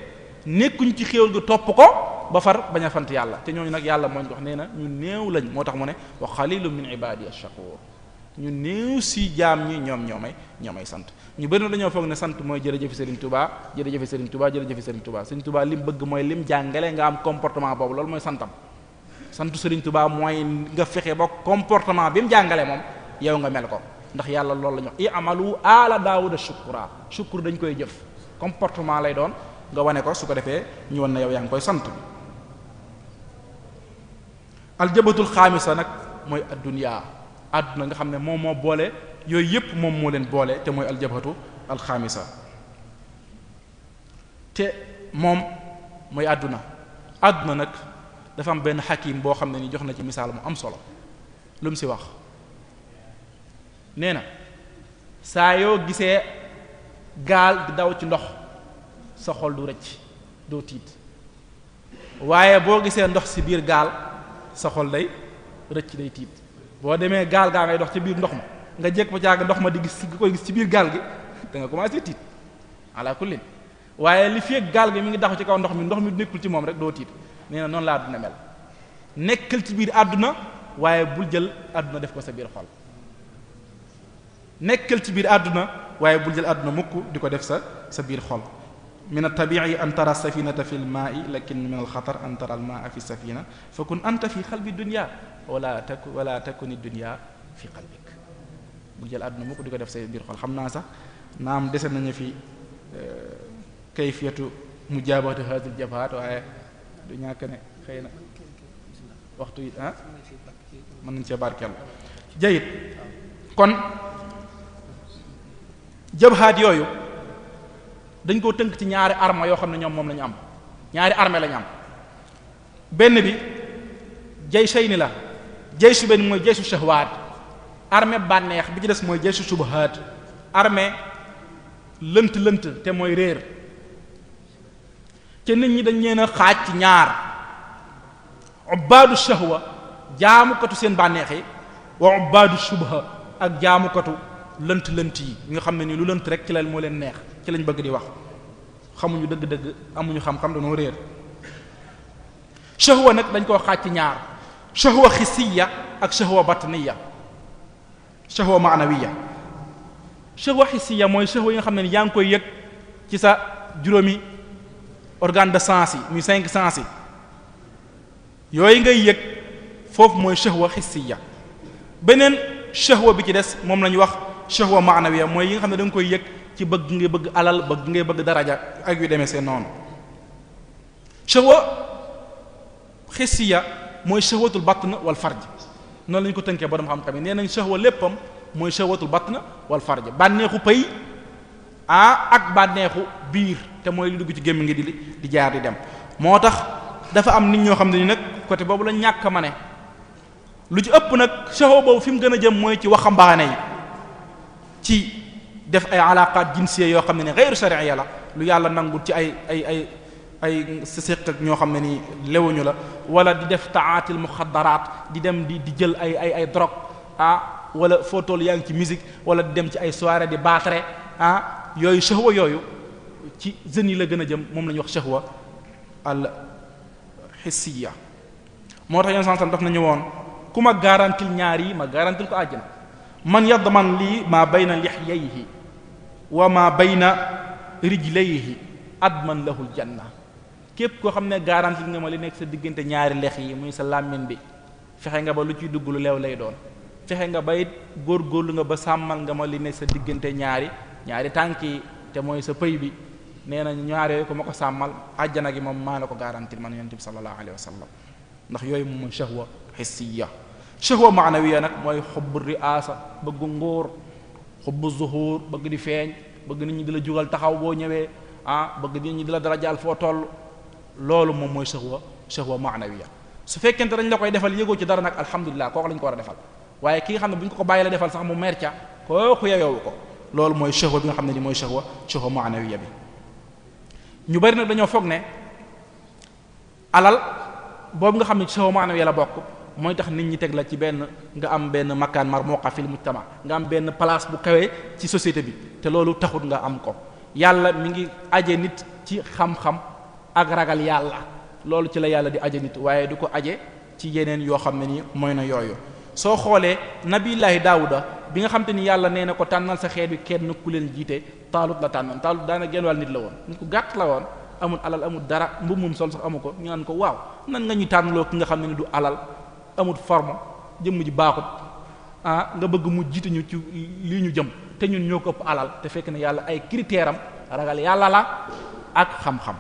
Speaker 1: nekkuñu ci xéewal gu topp ko ba far bañ a sant yàlla te ñooñu nag yàlla mooñ wax nee na ñu néew lañ moo tax mu ne wa xalilu min ibadiya shakur ñu néew si jaam ñi ñoom ñoo may ñoomay may sant ñu bëri na dañoo foog ne sant mooy jërëjëf Serigne Touba jërëjëf Serigne Touba jërëjëf Serigne Touba tubaa Touba lim bëgg mooy lim jàngale nga am comportement boobu loolu mooy santam sant Serigne Touba mooy nga fexe ba comportement bi mu jàngale moom yow nga mel ko ndax yàlla loolu la ñu wax i amalu ala daawuda shukura shukur dañ koy jëf comportement lay doon nga wane ko su ko defee ñoon na yow yaa ngi koy sant aljabatul xaamisa nag mooy adduniyaa àdduna nga xam ne moom moo boole yooyu yépp moom moo leen boole te mooy aljabatu alxaamisa te moom mooy àdduna àdduna nag dafa am benn xakim boo xam ne ni jox na ci misaal mu am solo lu mu si wax nee na saa yoo gisee gaal di daw ci ndox sa xol du rëcc doo tiit waaye boo gisee ndox si biir gaal sa xol day rëcc day tiit boo demee gaal gaa ngay dox ci biir ndox ma nga jekk ba caag ndox ma di gis nga koy gis ci biir gaal gi da nga commencé tiit ala waaye li fekk gaal gi mu ngi daxu ci kaw ndox mi ndox mi nekkul ci moom rek doo tiit nee na noonu la àdduna mel nekkal ci biir àdduna waaye bul jël àdduna def ko sa biir xol nekkal ci biir àdduna waaye bul jël àdduna mukk di ko def sa sa biir xol min at-tabi'i an tara fi al-ma'i lakin min al-khatar an fi as-safina fa kun anta fi qalbi dunya wala tak wala takun ad fi def say biir naa sax naam dese nañu fi eh, kayfiyatu mujaabahati hadhihi al waaye du ñàkk ne xëy na waxtu yi ah mën nañ cee barkeel jayit kon jabahaat yooyu dañ koo tënk ci ñaari arme yoo xam ne ñoom moom la am ñaari arme la am benn bi jay say ni la jay su benn mooy jay su shahwaat arme bànneex bi ci des mooy jay su subahaat arme lënt lënt te mooy réer te nit ñi dañ leen a xaaj ci ñaar ubbaadu shahwa jaamukatu seen bànneex yi wa ubbaadu subha ak jaamukatu lënt lënt yi nga xam ne nii lu lënt rek ci lal moo leen neex ci lañ bëgg di wax xamuñu dëgg-dëgg amuñu xam-xam dañoo réer shahwa nag dañ koo xaaj ci ñaar shahwa xisiya ak shahwa batniya shahwa maanawiya shahwa xisiya mooy shahwa yi nga xam ne ni yaa ngi koy yëg ci sa juróomi organe de sens yi muy cinq sens yi yooyu ngay yëg foofu mooy shahwa xisiya beneen shahwa bi ci des moom la ñu wax shahwa maanawiya mooy yi nga xam ne da koy yëg ci bëgg ngay bëgg alal bëgg ngay bëgg daraja ak yu demee seen noonu shahwa xisiya mooy shahwatul na wal far ji noonu lañu ko tënkee borom xam-xam yi nee nañ shahwa léppam mooy shahwatul na wal farj bànneexu pay ah ak bànneexu biir te mooy li dugg ci gémmi ngi di di jaar di dem moo tax dafa am nit ñoo xam ne ni nag côté boobu la ñàkk ma ne lu ci ëpp nag shahwa boobu fi mu gën a jëm mooy ci waxambaane yi ci def ay alaqaat jinsiya yoo xam ne ne xeyru sharia la lu yàlla nangul ci ay ay ay ay séq ñoo xam ne ni lewuñu la wala di def taatil muxadaraat di dem di di jël ay ay ay drogue ah wala foo yaa ngi ci musique wala di dem ci ay soirée di baatare ah yooyu shahwa yooyu ci jeunes yi la gën a jëm moom lañu wax shahwa al hissiya moo tax yenn sansan daf nañu woon ku ma garantil ñaar yi ma garantil ko àjjana man man lii maa bayna yi wa ma bayna rijlayhi adman lahul janna képp koo xam ne garanti nga ma li nekk sa diggante ñaari lex yi muy sa làmmiñ bi fexe nga ba lu ciy dugg lu leew lay doon fexe nga góor góorgóorlu nga ba sàmmal nga ma li nekk sa diggante ñaari ñaari tànk yi te mooy sa pëy bi nee na ñaari ko ma ko sàmmal àjjana gi moom maa la ko garanti man yonent bi sallallahu alayhi wa sallam ndax yooyu moom mooy shahwa hissiya shahwa maanawiya nag mooy xubbu riasa bëgg nguur xubbu zuhur bëgg di feeñ bëgg nit ñi di la jugal taxaw boo ñëwee ah bëgg nit ñi di la dara jaal foo toll loolu moom mooy sëxwa sëxwa maanawiya su fekkente dañ la koy defal yëgoo ci dara nag alhamdulilah kooku lañ ko war a defal waaye ki nga xam ne bu ñu ko ko bàyyi la defal sax mu mer ca kooku yeyowu ko loolu mooy sëxwa bi nga xam ne di mooy sëxwa sëxwa maanawiya bi ñu bari nag dañoo foog ne alal boobu nga xam ne sëxwa maanawiya la bokk mooy tax nit ñi teg la ci benn nga am benn makkaan mar moo xafil mujtama nga am benn place bu kawee ci société bi te loolu taxut nga am ko yàlla mi ngi aje nit ci xam-xam ak ragal yàlla loolu ci la yàlla di aje nit waaye du ko aje ci yeneen yoo xam ne nii mooy na yooyu soo xoolee nabiyullaahi daawuda bi nga xam te ni yàlla nee na ko tànnal sa xeet bi kenn ku leen jiite taalut la tànnoon taalut daana genn wàll nit la woon nit ku gàtt la woon amul alal amul dara mbubb moom sol sax amu ko ñu ko waaw nan ñu tànnaloo ki nga xam ne ni du alal amut forme jëmm ji baaxut ah, nga bëgg mu jiite ci lii ñu jëm te ñun ñoo ko ëpp alal te fekk ne yàlla ay critère am ragal yàlla la ak xam-xam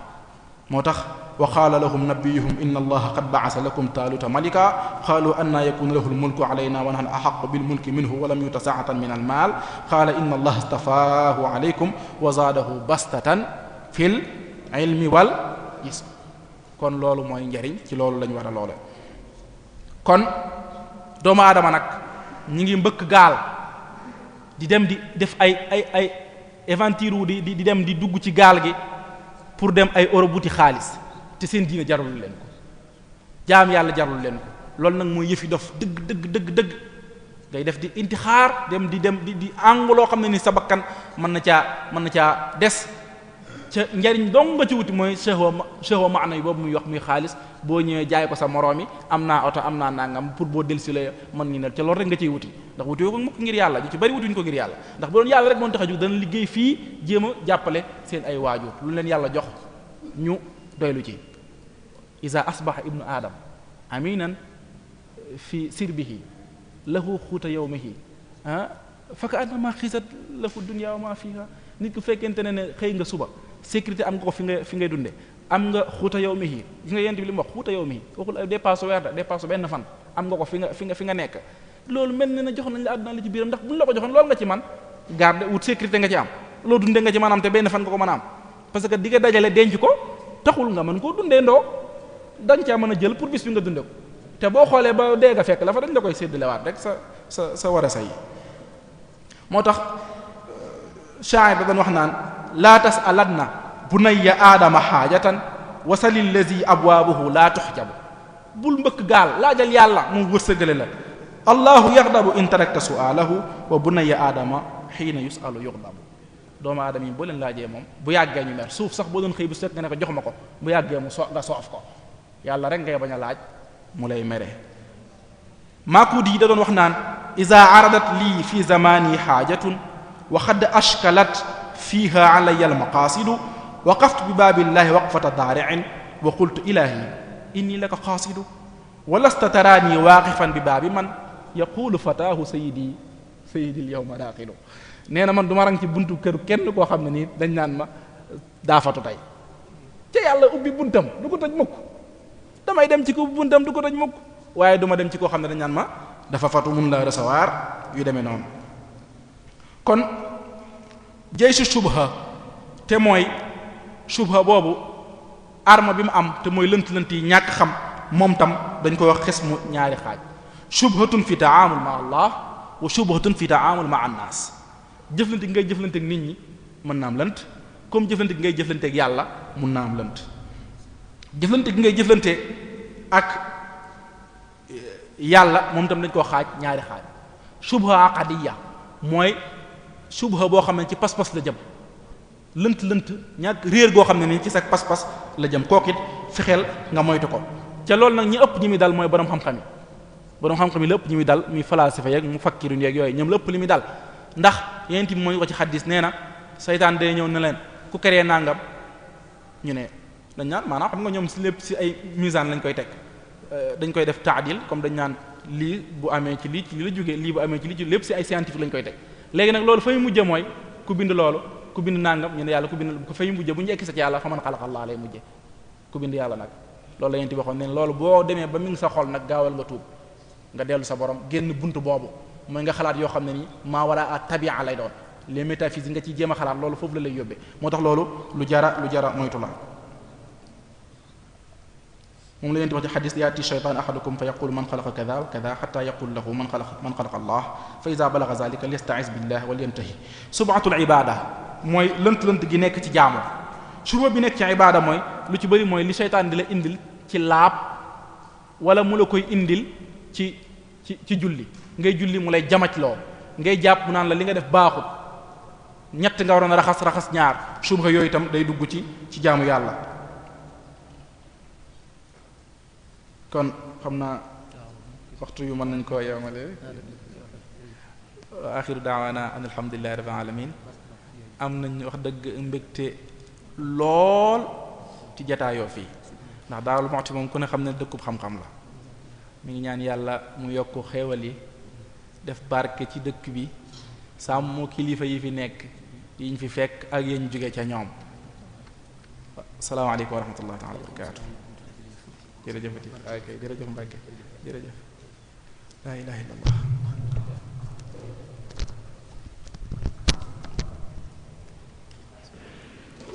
Speaker 1: moo tax wa qaala lahum nabiyuhum inna allaha qad ba'asa lakum taaluta malika qaalu anna yakunu lahu almulku alayna wa nahnu ahaqqu bilmulki minhu wa lam yuta sa'atan min almaal qaala inna allaha istafaahu alaykum wa zaadahu bastatan fil ilmi wal jism kon loolu mooy njariñ ci loolu lañu war a loole kon doomu aadama nag ñu ngi mbëkk gaal di dem di def ay ay ay aventure wu di di dem di dugg ci gaal gi pour dem ay Europe wuti xaalis te seen diine jarul leen ko jaam yàlla jarul leen ko loolu nag mooy yëfi dof dëgg dëgg dëgg dëgg ngay def di intixaar dem di dem di di àngu loo xam ne ni sa bakkan mën na caa mën na caa des ca njariñ dong nga ci wuti mooy chehwa chehwa maana yi boobu muy wax muy xaalis boo ñëwee jaay ko sa moroom yi am na oto am naa nangam pour boo delsi la mën ñu ne ca loolu rek nga ciy wuti ndax wuti ko mukk ngir yàlla ñu ci bari wutiwuñu ko ngir yàlla ndax bu doon yàlla rek moon tax a fii jéem a jàppale seen ay waajur lu leen yàlla jox ñu doylu ci isa asbaha ibnu adam aminan fi sirbihi lahu xuuta yawmihi ah faka annama xisat lahu dunya wa ma fiha nit ku fekkente ne ne xëy nga suba sécurité am nga ko fi nga fi ngay dunde am nga xuuta yow mi yi gis nga yent bi li mu wax xuuta yow mi waxul euh, dépasse weer da dépasse benn fan am nga ko fi nga fi nga fi nga nekk loolu mel na ne jox nañ la àdduna li ci biiram ndax buñ la ko joxoon loolu nga ci man garde wut sécurité nga ci am loo dunde nga ci mën am te benn fan nga ko mën a am parce que di nga dajale denc ko taxul nga man koo dundee ndoo dañ caa mën a jël pour bis bi nga dunde ko te boo xoolee ba dee nga fekk la dañ la koy séddalewaat rek sa sa sa war a say moo tax euh, shaa'ir da doon laa tasalanna bunayya aadama xaajatan wasali lazi abwaabuhu laa tuxjabu bul mbëkk gaal laajal yàlla mu wërsëgale la allahu yardabu in tarakta su'aalahu wa bunayya aadama xiina yusalu yurdabu doomu aadama yi boo leen laajee moom bu yàggee ñu mer suuf sax boo doon xëy bu set nga ne jox ma ko bu yàggee mu so nga soof ko yàlla rek ngay bañ laaj mu lay mere maakuud yi da doon wax naan iza aradat lii fi zamani xaajatun wa xad ashkalat fiiha alayya almaqaasidu waqaftu bi baabillahi waqfata daari'in wa qultu ilaahi inni laka qaasidu wa lasta taraanii waaqifan bi baabi man yaquulu fataahu sayidi sayidi alyawma daaxilu nee na man duma ma rang ci buntu kër kenn koo xam ne nii dañ naan ma daafatu tey ca yàlla ubbi buntam du ko tëj mukk damay dem ci ko buntam du ko tëj mukk waaye duma dem ci koo xam ne dañ naan ma dafa fatu mun la recevoir yu demee noonu jay si subha te mooy subha boobu arma bi mu am te mooy lënt-lënt yi ñàkk xam moom tam dañ koy wax xismu ñaari xaaj subhatun fi taamul ma allah wa subhatun fi taamul ma annaas jëflante gi ngay jëflante nit ñi mën naa am lënt comme jëflante gi ngay jëflante yàlla mun naa am lënt jëflante gi ngay jëflante ak eh, yàlla moom tam dañ koo xaaj ñaari xaaj subha aqadiya mooy subha boo xam ne ci pas-pas la jëm lënt lënt ñàkk réer goo xam ne nii ci sa pas-pas la jëm kooku it fexeel nga moytu ko ca loolu nag ñi ëpp ñi muy dal mooy borom xam-xam yi borom xam-xam yi la ëpp ñi muy dal muy falaasifa yeeg mu fakkiruñ yooyu ñoom la ëpp muy dal ndax yent bi mooy ko ci xaddis nee na saytaan day ñëw ne leen ku keree nangam ñu ne dañ naan maanaam xam nga ñoom si lépp si ay misaan lañ koy teg euh, dañ koy def taadil comme dañ naan lii bu amee ci lii ci lii la jógee lii bu amee ci lii ci lépp si ay scientifique lañ koy teg léegi nag loolu fay mujje mooy ku bind loolu ku bind nangam ñu ne yàlla ku bind ku fay mujje bu ñu sa ci yàlla fa man xalaqallaa lay mujje ku bind yàlla nag loolu la yent bi waxoon ne loolu boo demee ba mi sa xol nag gaawal nga tuub nga dellu sa borom génn bunt boobu mooy nga xalaat yoo xam ne nii maa wala a tabia lay doon les métaphysiques nga ciy jéem a xalaat loolu foofu la lay yóbbee moo tax loolu lu jara lu jara moytu la moom la yonent wax ci xadis yaati shaytaan ahadukum fa yaqul man xalaqa kada wa kada xata yaqul lahu man xalaqa man xalaqa allah fa ida balaga zalika liyastaiz billah wal yantahi subatul ibada mooy lënt-lënt gi nekk ci jaamu suba bi nekk ci ibada mooy lu ci bëri mooy li shaytaan di la indil ci laab wala mu la koy indil ci ci ci julli ngay julli mu lay jamaj loo ngay jàpp mu naan la li nga def baaxut ñett nga waroon a raxas raxas ñaar suba yooyu itam day dugg ci ci jaamu yàlla kon xam naa waxtu yu mën nañ koo yemale axiru daawaana an alhamdulillahi rabbil alamin am nañ wax dëgg mbégte lool ci jataayoo fii ndax Daaru Muxti moom ku ne xam ne dëkku xam-xam la mu ngi ñaan yàlla mu yokk xéewal yi def barke ci dëkk bi sàmm kilifa yi fi nekk yi ñu fi fekk ak yéen jóge ca ñoom salaamaaleykum wa rahmatullahi taala wa barakatuh jërëjëfati waaye kay jërëjëf Mbàkke jërëjëf laa ilaha illallah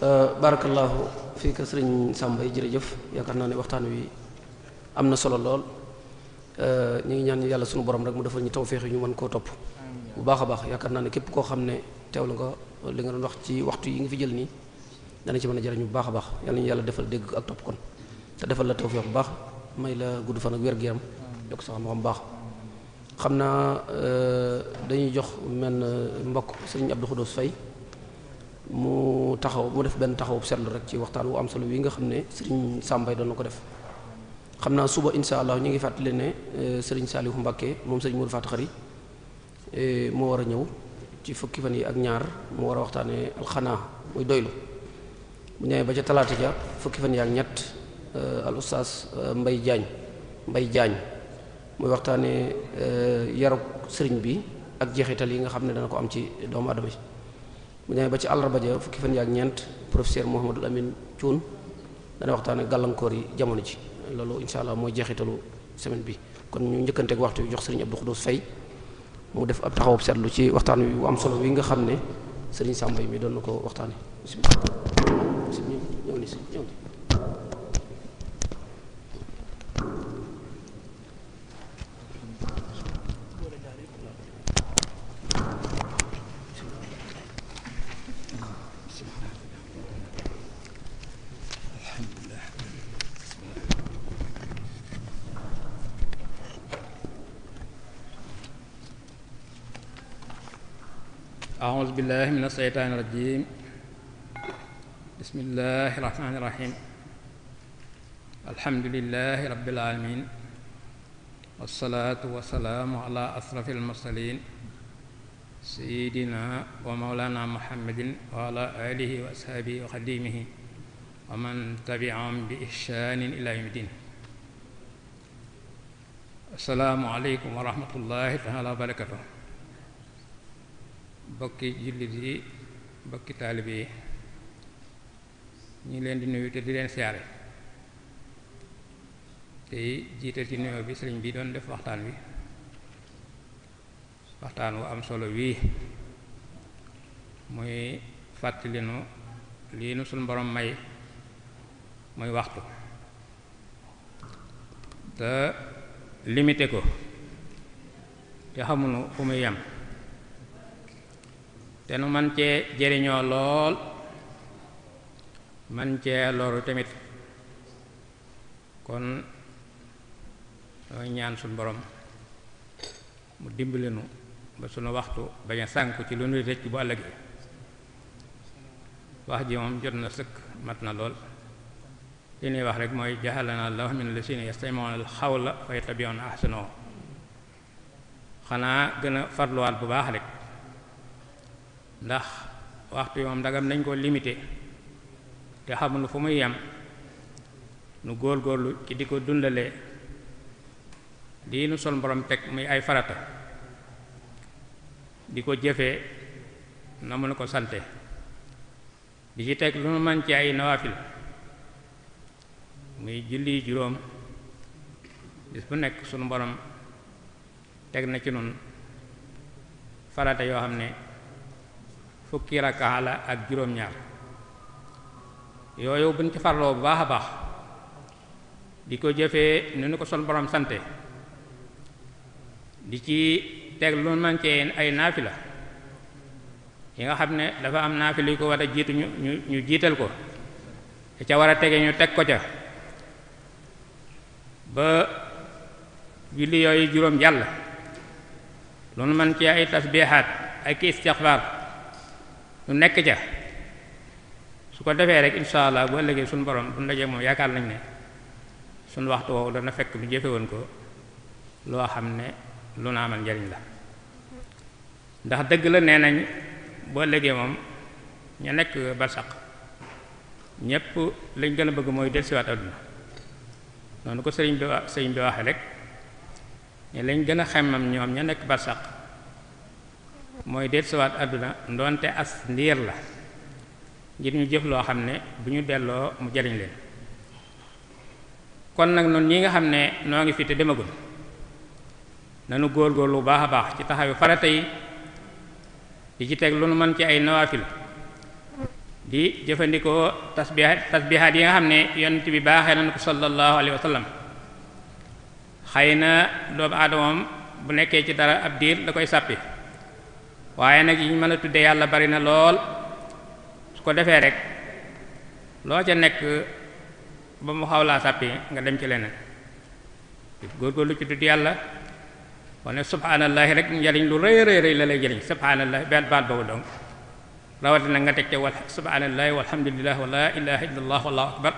Speaker 3: euh, barakallahu fii ka sëriñ Sàmba yi jërëjëf yaakaar naa ne waxtaan wi am na solo lool euh, ñi ngi ñaan yàlla sunu borom rek mu defal ñu tawféex yi ñu mën koo topp bu baax a baax yaakaar naa ne képp koo xam ne teewlu nga li nga doon wax ci waxtu yi nga fi jël nii dana ci mën a jëriñu bu baax a baax yàlla ñu yàlla defal dégg ak topp kon te defal la tawfeex bu baax may la gudd fan ak wér gu yaram yokk sax xam baax xam naa euh, dañuy jox menn mbokk sëriñ Abdou Khoudous Faye mu taxaw mu def benn taxaw setlu rek ci waxtaan wu am solo wi nga xam ne sëriñ Sambay doon na ko def xam naa suba insha allah ñu ngi fàttali ne euh, sëriñ Saliou Mbacké moom sëriñ Modou Fatou euh, moo war a ñëw ci fukki fan yi ak ñaar mu war a waxtaanee alxanaa muy doylu bu ñëwee ba ca talaata ja fukki fan yi ak ñett Euh, al oustaz euh, mbay Diagne mbay jaañ mooy waxtaanee euh, yarug sëriñ bi ak jeexital yi nga xam ne dana ko am ci doomu adama yi bu ñëwee ba ci àllarba ja fukki fan ak ñeent professeur Mouhamadul Amine Thioune dana waxtaanee gàllankoor yi jamono ji loolu incha allah mooy jeexitalu semaine bi kon ñu njëkkanteeg waxtu bi jox sëriñ Abdou Khoudous Faye mu def ab taxawu seetlu ci waxtaan wi bu am solo wi nga xam ne sëriñ Samba mi doon na ko waxtaanee
Speaker 2: أعوذ بالله من الشيطان الرجيم بسم الله الرحمن الرحيم الحمد لله رب العالمين والصلاة والسلام على أشرف المرسلين سيدنا ومولانا محمد وعلى آله وأصحابه وخديمه ومن تبعهم بإحسان إلى يوم الدين السلام عليكم ورحمة الله تعالى وبركاته bokki jullit yi bokki taalibe yi ñu leen di nuyu te di leen siyaare tey jiital ci nuyoo bi sëriñ bi doon def waxtaan wi waxtaan wu am solo wii muy fàttali nu lii nu suñ borom may muy waxtu te limité ko te xamunu fu muy yem te nu man cee jëriñoo lool man cee loru tamit kon dooy ñaan suñ boroom mu dimbali nu ba sunu waxtu bañ a sànku ci lu nuy rëcc bu ëllëgee wax ji moom jot na sëkk mat na lool li nuy wax rek mooy jaxalana allah min lasina yastami'una al-xawla fa yattabi'una ahsanahu xanaa gën a farluwaat bu baax rek ndax waxtu yoom ndagam nañ ko limité te xamul fu muy yam nu góor góorlu ci di ko dundalee lii nu sol borom teg muy ay farata di ko jëfee na mu ne ko sante di ci teg lu nu man ci ay nawaafil muy julli juróom bis bu nekk sunu mborom teg na ci nun farata yoo xam ne fukki rakkaa la ak juróom-ñaar yooyu buñ ci farloo bu baax a baax di ko jëfee ni ñu ko sol borom sante di ci teg lu man cee ay la yi nga xam ne dafa am naafila yu ko war a jiitu ñu ñu jiital ko te ca war a tege ñu teg ko ca ba julli yooyu juróom jàll lu man cee ay tasbiixaat ak istixfaar ñu nekk ca su ko defee rek insha allah bu ëllëgee suñu borom bu ndajee moom yaakaar nañ ne suñu waxtu woowu dana fekk ñu jëfe woon ko loo xam ne lu na amal njariñ la ndax dëgg la nee nañ boo ëllëgee moom ña nekk barsaq ñépp lañ gën a bëgg mooy delsiwaat àdduna noonu ko sëriñ bi sëriñ bi waxe rek ne lañ gën a xemmam ñoom ña nekk barsaq mooy del siwaat àdduna ndonte as ndiir la ngir ñu jëf loo xam ne bu ñu delloo mu jariñ leen kon nag noonu ñi nga xam ne noo ngi fi te demagul nanu góor lu baax a baax ci taxawu farata yi di ci teg lu nu mën ci ay nawaafil di jëfandikoo tasbihaat tasbihaat yi nga xam ne yonent bi baaxee nañu ko sallallahu alayhi wa sallam xëy na doomu aadamam bu nekkee ci dara ab diir da koy sàppi waaye nag yi ñu mën a tudde yàlla bari na lool su ko defee rek loo ca nekk ba mu xaw laa sàppi nga dem ci leneen lu ci tudd yàlla wane subhaanallahi rek njariñ lu rëy rëy rëy la lay jëriñ subhaanallahi baat baat boobu donc rawatina nga teg ca wal subhaanallahi walhamdulillah wala ilaha illallah wallahu akbar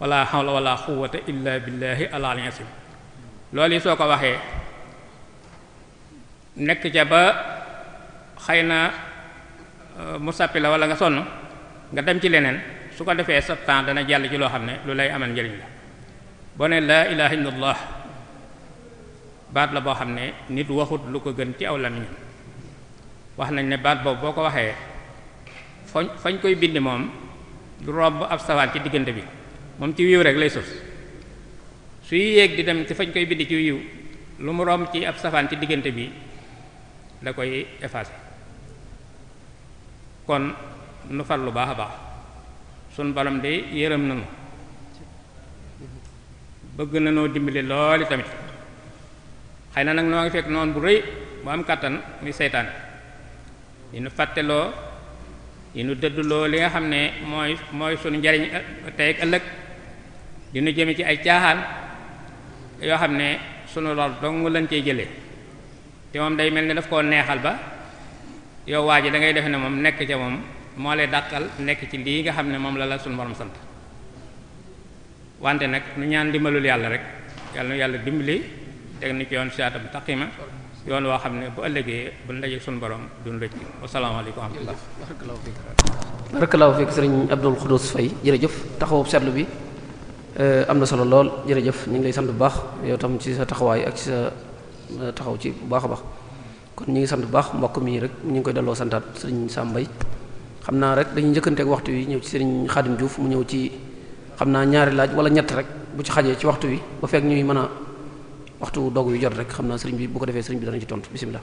Speaker 2: wala hawla wala quwwata illa billahi al-aliyyil azim loolu yi soo ko waxee nekk ca ba xëy na euh, mu sàppi la wala nga sonn nga dem ci leneen su ko defee sa dana jàll ci loo xam ne lu lay amal njëriñ la boo ne laa ilaha illallah baat la boo xam ne nit waxut lu ko gën ci aw lamiñam wax nañ ne baat boobu boo ko waxee fañ fañ koy bindi moom du romb ab sawaan ci diggante bi moom ci wiiw rek lay sos suy yéeg di dem ci fañ koy bind ci wiiw lu mu romb ci ab safaan ci diggante bi da koy effacer kon nu far lu baax a baax sun balam de yërëm nanu bëgg nanoo dimbali looli tamit xëy na nag noo ngi fekk noonu bu rëy bu am kàttan muy seytaan yi nu fàtteloo yi nu dëdduloo li nga xam ne mooy mooy sunu njariñ eh, tey ak ëllëg di nu jëme ci ay caaxaan yoo xam ne sunu lor dong lañ cey jëlee te moom day mel ne daf koo neexal ba yow waa ji dangay ngay defe ne moom nekk ca moom moo lay dàqal nekk ci lii nga xam ne moom la la suñu borom sant wante nag nu ñaan dimbalul yàlla rek yàlla nu yàlla dimbali teg ni ci yoon siraatam taqima yoon woo xam ne bu ëllëgee bu ndaje suñu borom duñ rëcc wasalaamaaleykum wa rahmatullah barakallahu fiik
Speaker 3: sëriñ Abdul Xudus Fay jërëjëf taxawu seetlu bi eh, am na solo lool jërëjëf ñu lay sant bu baax yow tam ci sa taxawaay ak ci sa eh, taxaw ci bu baax a kon ñu ngi sant bu baax mbokk mi rek ñu ngi koy delloo santaat sëriñ mbay xam naa rek dañuy njëkkanteeg waxtu wi ñëw ci sëriñ Xaadim Diouf mu ñëw ci xam naa ñaari laaj wala ñett rek bu ci xajee ci waxtu wi ba fekk ñuy mën a waxtu dog yu jot rek xam naa sëriñ bi bu ko defee sëriñ bi dana ci tontu bisimilah.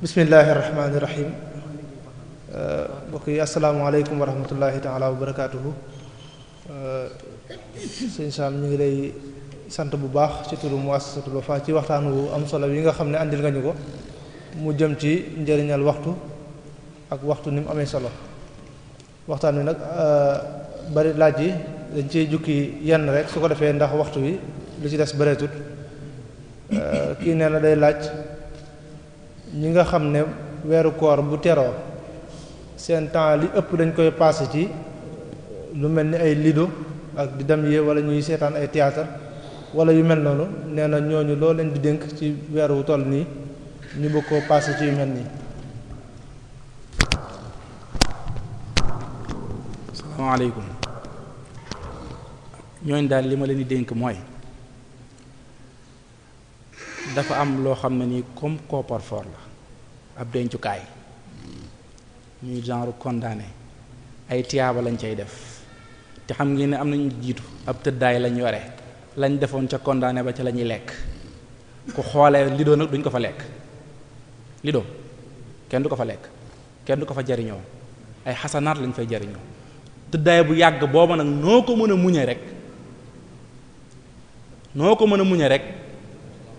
Speaker 4: bismillahi rahmaani rahim. Euh, mbokk yi asalaamaaleykum wa rahmatullahi taala wa barakaatuhu euh, sëñ Sam ñu ngi lay sant bu baax ci turu muassasatul Wafa ci waxtaan wu am solo yi nga xam ne àndil nga ko mu jëm ci njëriñal waxtu ak waxtu ni amee solo waxtaan wi nag euh, bari laaj yi dañ ciy jukki yenn rek su ko defee ndax waxtu wi lu ci des bareetut kii nee na day laaj ñi nga xam ne weeru koor bu teroo seen temps li ëpp dañ koy passé ci lu mel ni ay lido ak di dem yee wala ñuy seetaan ay théâtre wala yu mel noonu nee na ñooñu loo leen di dénk ci weer wu toll nii ñu bëgg koo passé ci yu mel
Speaker 1: nii. asalaamaaleykum ñooñu daal li ma leen di dénk mooy dafa am loo xam ne nii comme coffre la ab dencukaay. ñuy genre condamné ay tiyaaba lañ cay def te xam ngeen ne am nañu jiitu ab tëddaay lañ yore lañ defoon ca kondaane ba ca lañuy lekk ku xoolee li doon nag duñ ko fa lekk li kenn du ko fa lekk kenn du ko fa jariñoo ay xasanaat lañ fay jariñoo tëddaay bu yàgg booba nag noo ko mën a muñe rek noo ko mën a muñe rek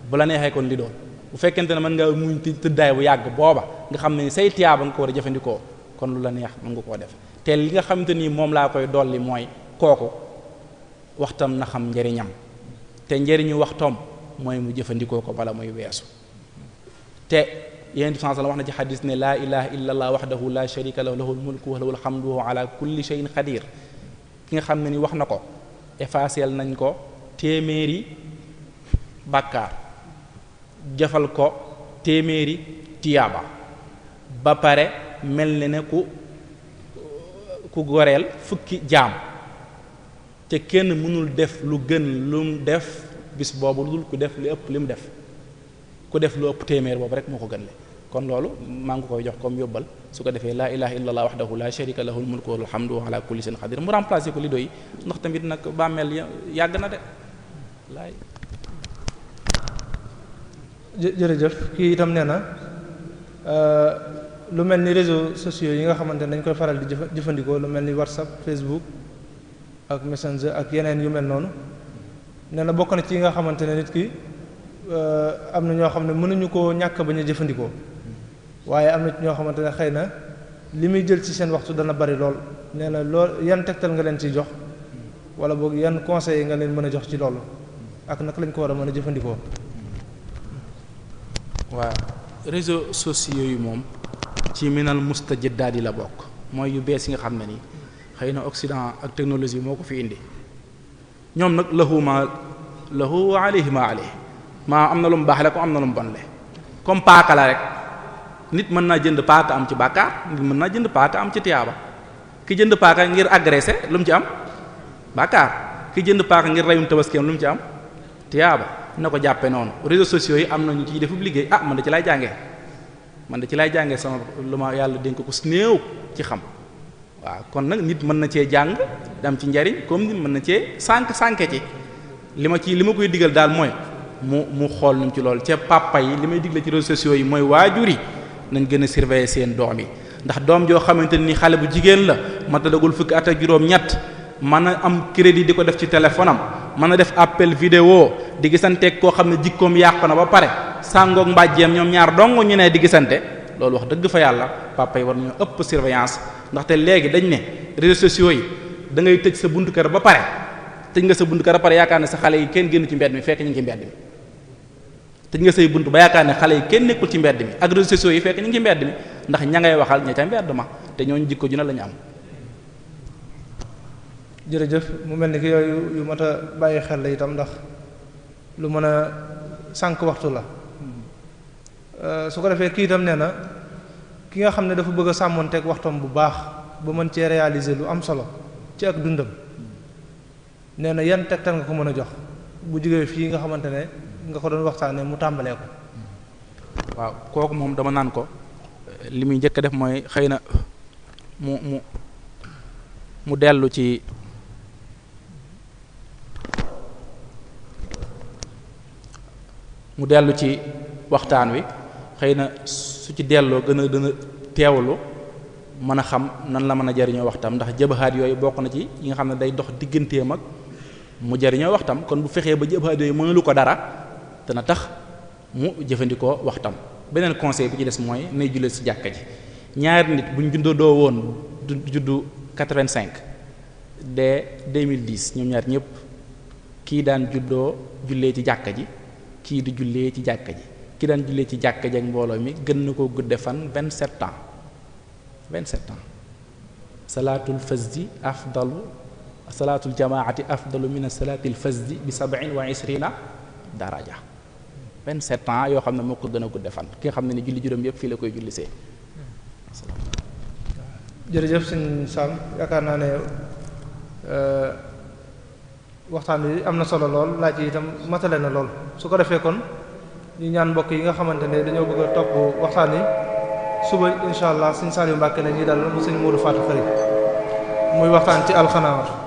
Speaker 1: bu la neexee koon li doon bu fekkente ne mën nga muñ tëddaay bu yàgg booba nga xam ne say tiyaaba nga ko war a jëfandikoo kon lu la neex mën nga koo def te li nga xamante ni moom laa koy dolli mooy kooku waxtam na xam njariñam te njariñu waxtoom mooy mu jëfandikoo ko bala muy weesu te yéen bi sallallahu alayhi wax na ci xadis ne laa ilaha illa allah wahdahu la sharika lahu lahul mulku wa lahul hamdu wa ala kulli shay'in qadir ki nga xam ne ni wax na ko effacer nañ ko téeméeri bàkkaar jëfal ko téeméeri tiyaaba ba pare mel ni ne ku ku goreel fukki jaam te kenn mënul def lu gën lu mu def bis boobu dul ku def lu ëpp li mu def ku def lu ëpp téeméer boobu rek moo ko gën le kon loolu maa ngi koy jox comme yóbbal su ko defee laa ilaha illa wax wahdahu laa sharika lahu al mulku wal hamdu wa ala kulli shay'in qadir mu remplacer ko li doy ndax tamit nag bàmmeel yàgg na de
Speaker 2: laay
Speaker 4: jërëjëf kii itam nee na euh, lu mel ni réseau sociaux yi nga xamante ne dañ koy faral di jëfandikoo lu mel ni WhatsApp Facebook ak Messenger ak yeneen yu mel noonu ne na bokk na ci nga xamante ne nit ki euh, am na ñoo xam ne mënuñu koo ñàkk bañ a jëfandikoo waaye am na ci ñoo xamante ne xëy na li muy jël ci seen waxtu dana bari lool nee na lool yan tegtal nga leen ciy jox wala boog yan conseil nga leen mën a jox ci loolu ak naka lañ ko war a mën a jëfandikoo.
Speaker 1: waaw réseaux sociaux yi moom. ci minal mustajiddaat yi la bokk mooy yu bees yi nga xam ne ni xëy na Occident ak technologie moo ko fi indi ñoom nag lahu ma lahu wa alayhi ma alayhi maa am na lu mu baax le ko am na lu mu bon le comme paaka la rek nit mën naa jënd paaka am ci bàkkaar nit mën naa jënd paaka am ci tiyaaba ki jënd paaka ngir agressé lu mu ci am bàkkaar ki jënd paaka ngir reyum tabaskeem lu mu ci am tiyaaba na ko jàppe noonu réseaux sociaux yi am na ñu ciy defub liggéey ah man da ci lay jàngee man de ci lay jàngee sama lu ma yàlla dénk ko su néew ci xam waaw kon nag nit mën na cee jàng dam ci njariñ comme nit mën na cee sànq sànke ci li ma ci li ma koy digal daal mooy mu mu xool nu ci lool ca papa yi li may digle ci réseaux sociaux yi mooy waajur yi nañ gën a surveiller seen doom yi ndax doom joo xamante ni xale bu jigéen la matalagul fukki at ak juróom-ñett mën a am crédit di ko def ci téléphone am mën a def appel vidéo di gisanteeg koo xam ne jikkoom yàqu na ba pare sàngoog mbàjjeem ñoom ñaar dong ñu ne di gisante loolu wax dëgg fa yàlla papa yi war nañoo ëpp surveillance ndaxte léegi dañ ne réseaux sociaux yi da ngay tëj sa buntu kër ba pare tëj nga sa buntu kër ba pare yaakaar ne sa xale yi kenn génn ci mbedd mi fekk ñu ngi ci mbedd mi tëj nga say bunt ba yaakaar ne xale yi kenn nekkul ci mbedd mi ak réseaux sociaux yi fekk ñu ngi ci mbedd mi ndax ña ngay waxal ña ca mbedd ma te ñooñu jikko ju ne la
Speaker 4: mu mel ni ki yu mat a bàyyi xel la itam ndax lu mën a sànq waxtu la euh, su ko defee kii itam nee na ki nga xam ne dafa bëgg a sàmmoonteeg waxtoom bu baax ba mën cee réaliser lu am solo ci ak dundam nee na yan tegtal nga ko mën a jox bu jógee fii nga xamante ne nga ko doon waxtaanee mu tàmbalee ko.
Speaker 1: waaw kooku moom dama naan ko li muy njëkk a def mooy xëy na mu mu mu dellu ci. mu dellu ci waxtaan wi xëy na su ci delloo gën a dana teewalu mën a xam nan la mën a jariñoo waxtam ndax jëbaxaat yooyu bokk na ci yi nga xam ne day dox digganteem ak mu jariñoo waxtam kon bu fexee ba jëbaxaat yooyu mënalu ko dara dana tax mu jëfandikoo waxtam beneen conseil bi ci des mooy nay jullee ci jàkka ji ñaari nit buñ juddoo doo woon juddu du juddu 85 de 2010 ñoom ñaar ñëpp kii daan juddoo jullee ci jàkka ji kii di jullee ci jàkka ji ki daan jullee ci jàkka ji ak mbooloo mi gën na koo gudde fan vingt-sept ans vingt-sept ans salaatul fasdi afdalu salaatul jamaati afdalu min salaatil fasdi bi sab'in wa ishrina daraja vingt-sept ans yoo xam ne moo ko gën a gudde fan ki xam ne ni julli juróom yëpp fii la koy jullisee
Speaker 4: jërëjëf sëñ Sam yaakaar naa ne euh, waxtaan wi am na solo lool laaj yi itam matale na lool su ko defee kon ñu ñaan mbokk yi nga xamante ne dañoo bëgg a topp waxtaan yi suba incha allah sëñ Saliou Mbacke la ñuy dal mu sëñ Modou Fatou Khari muy waxtaan ci alxanaawat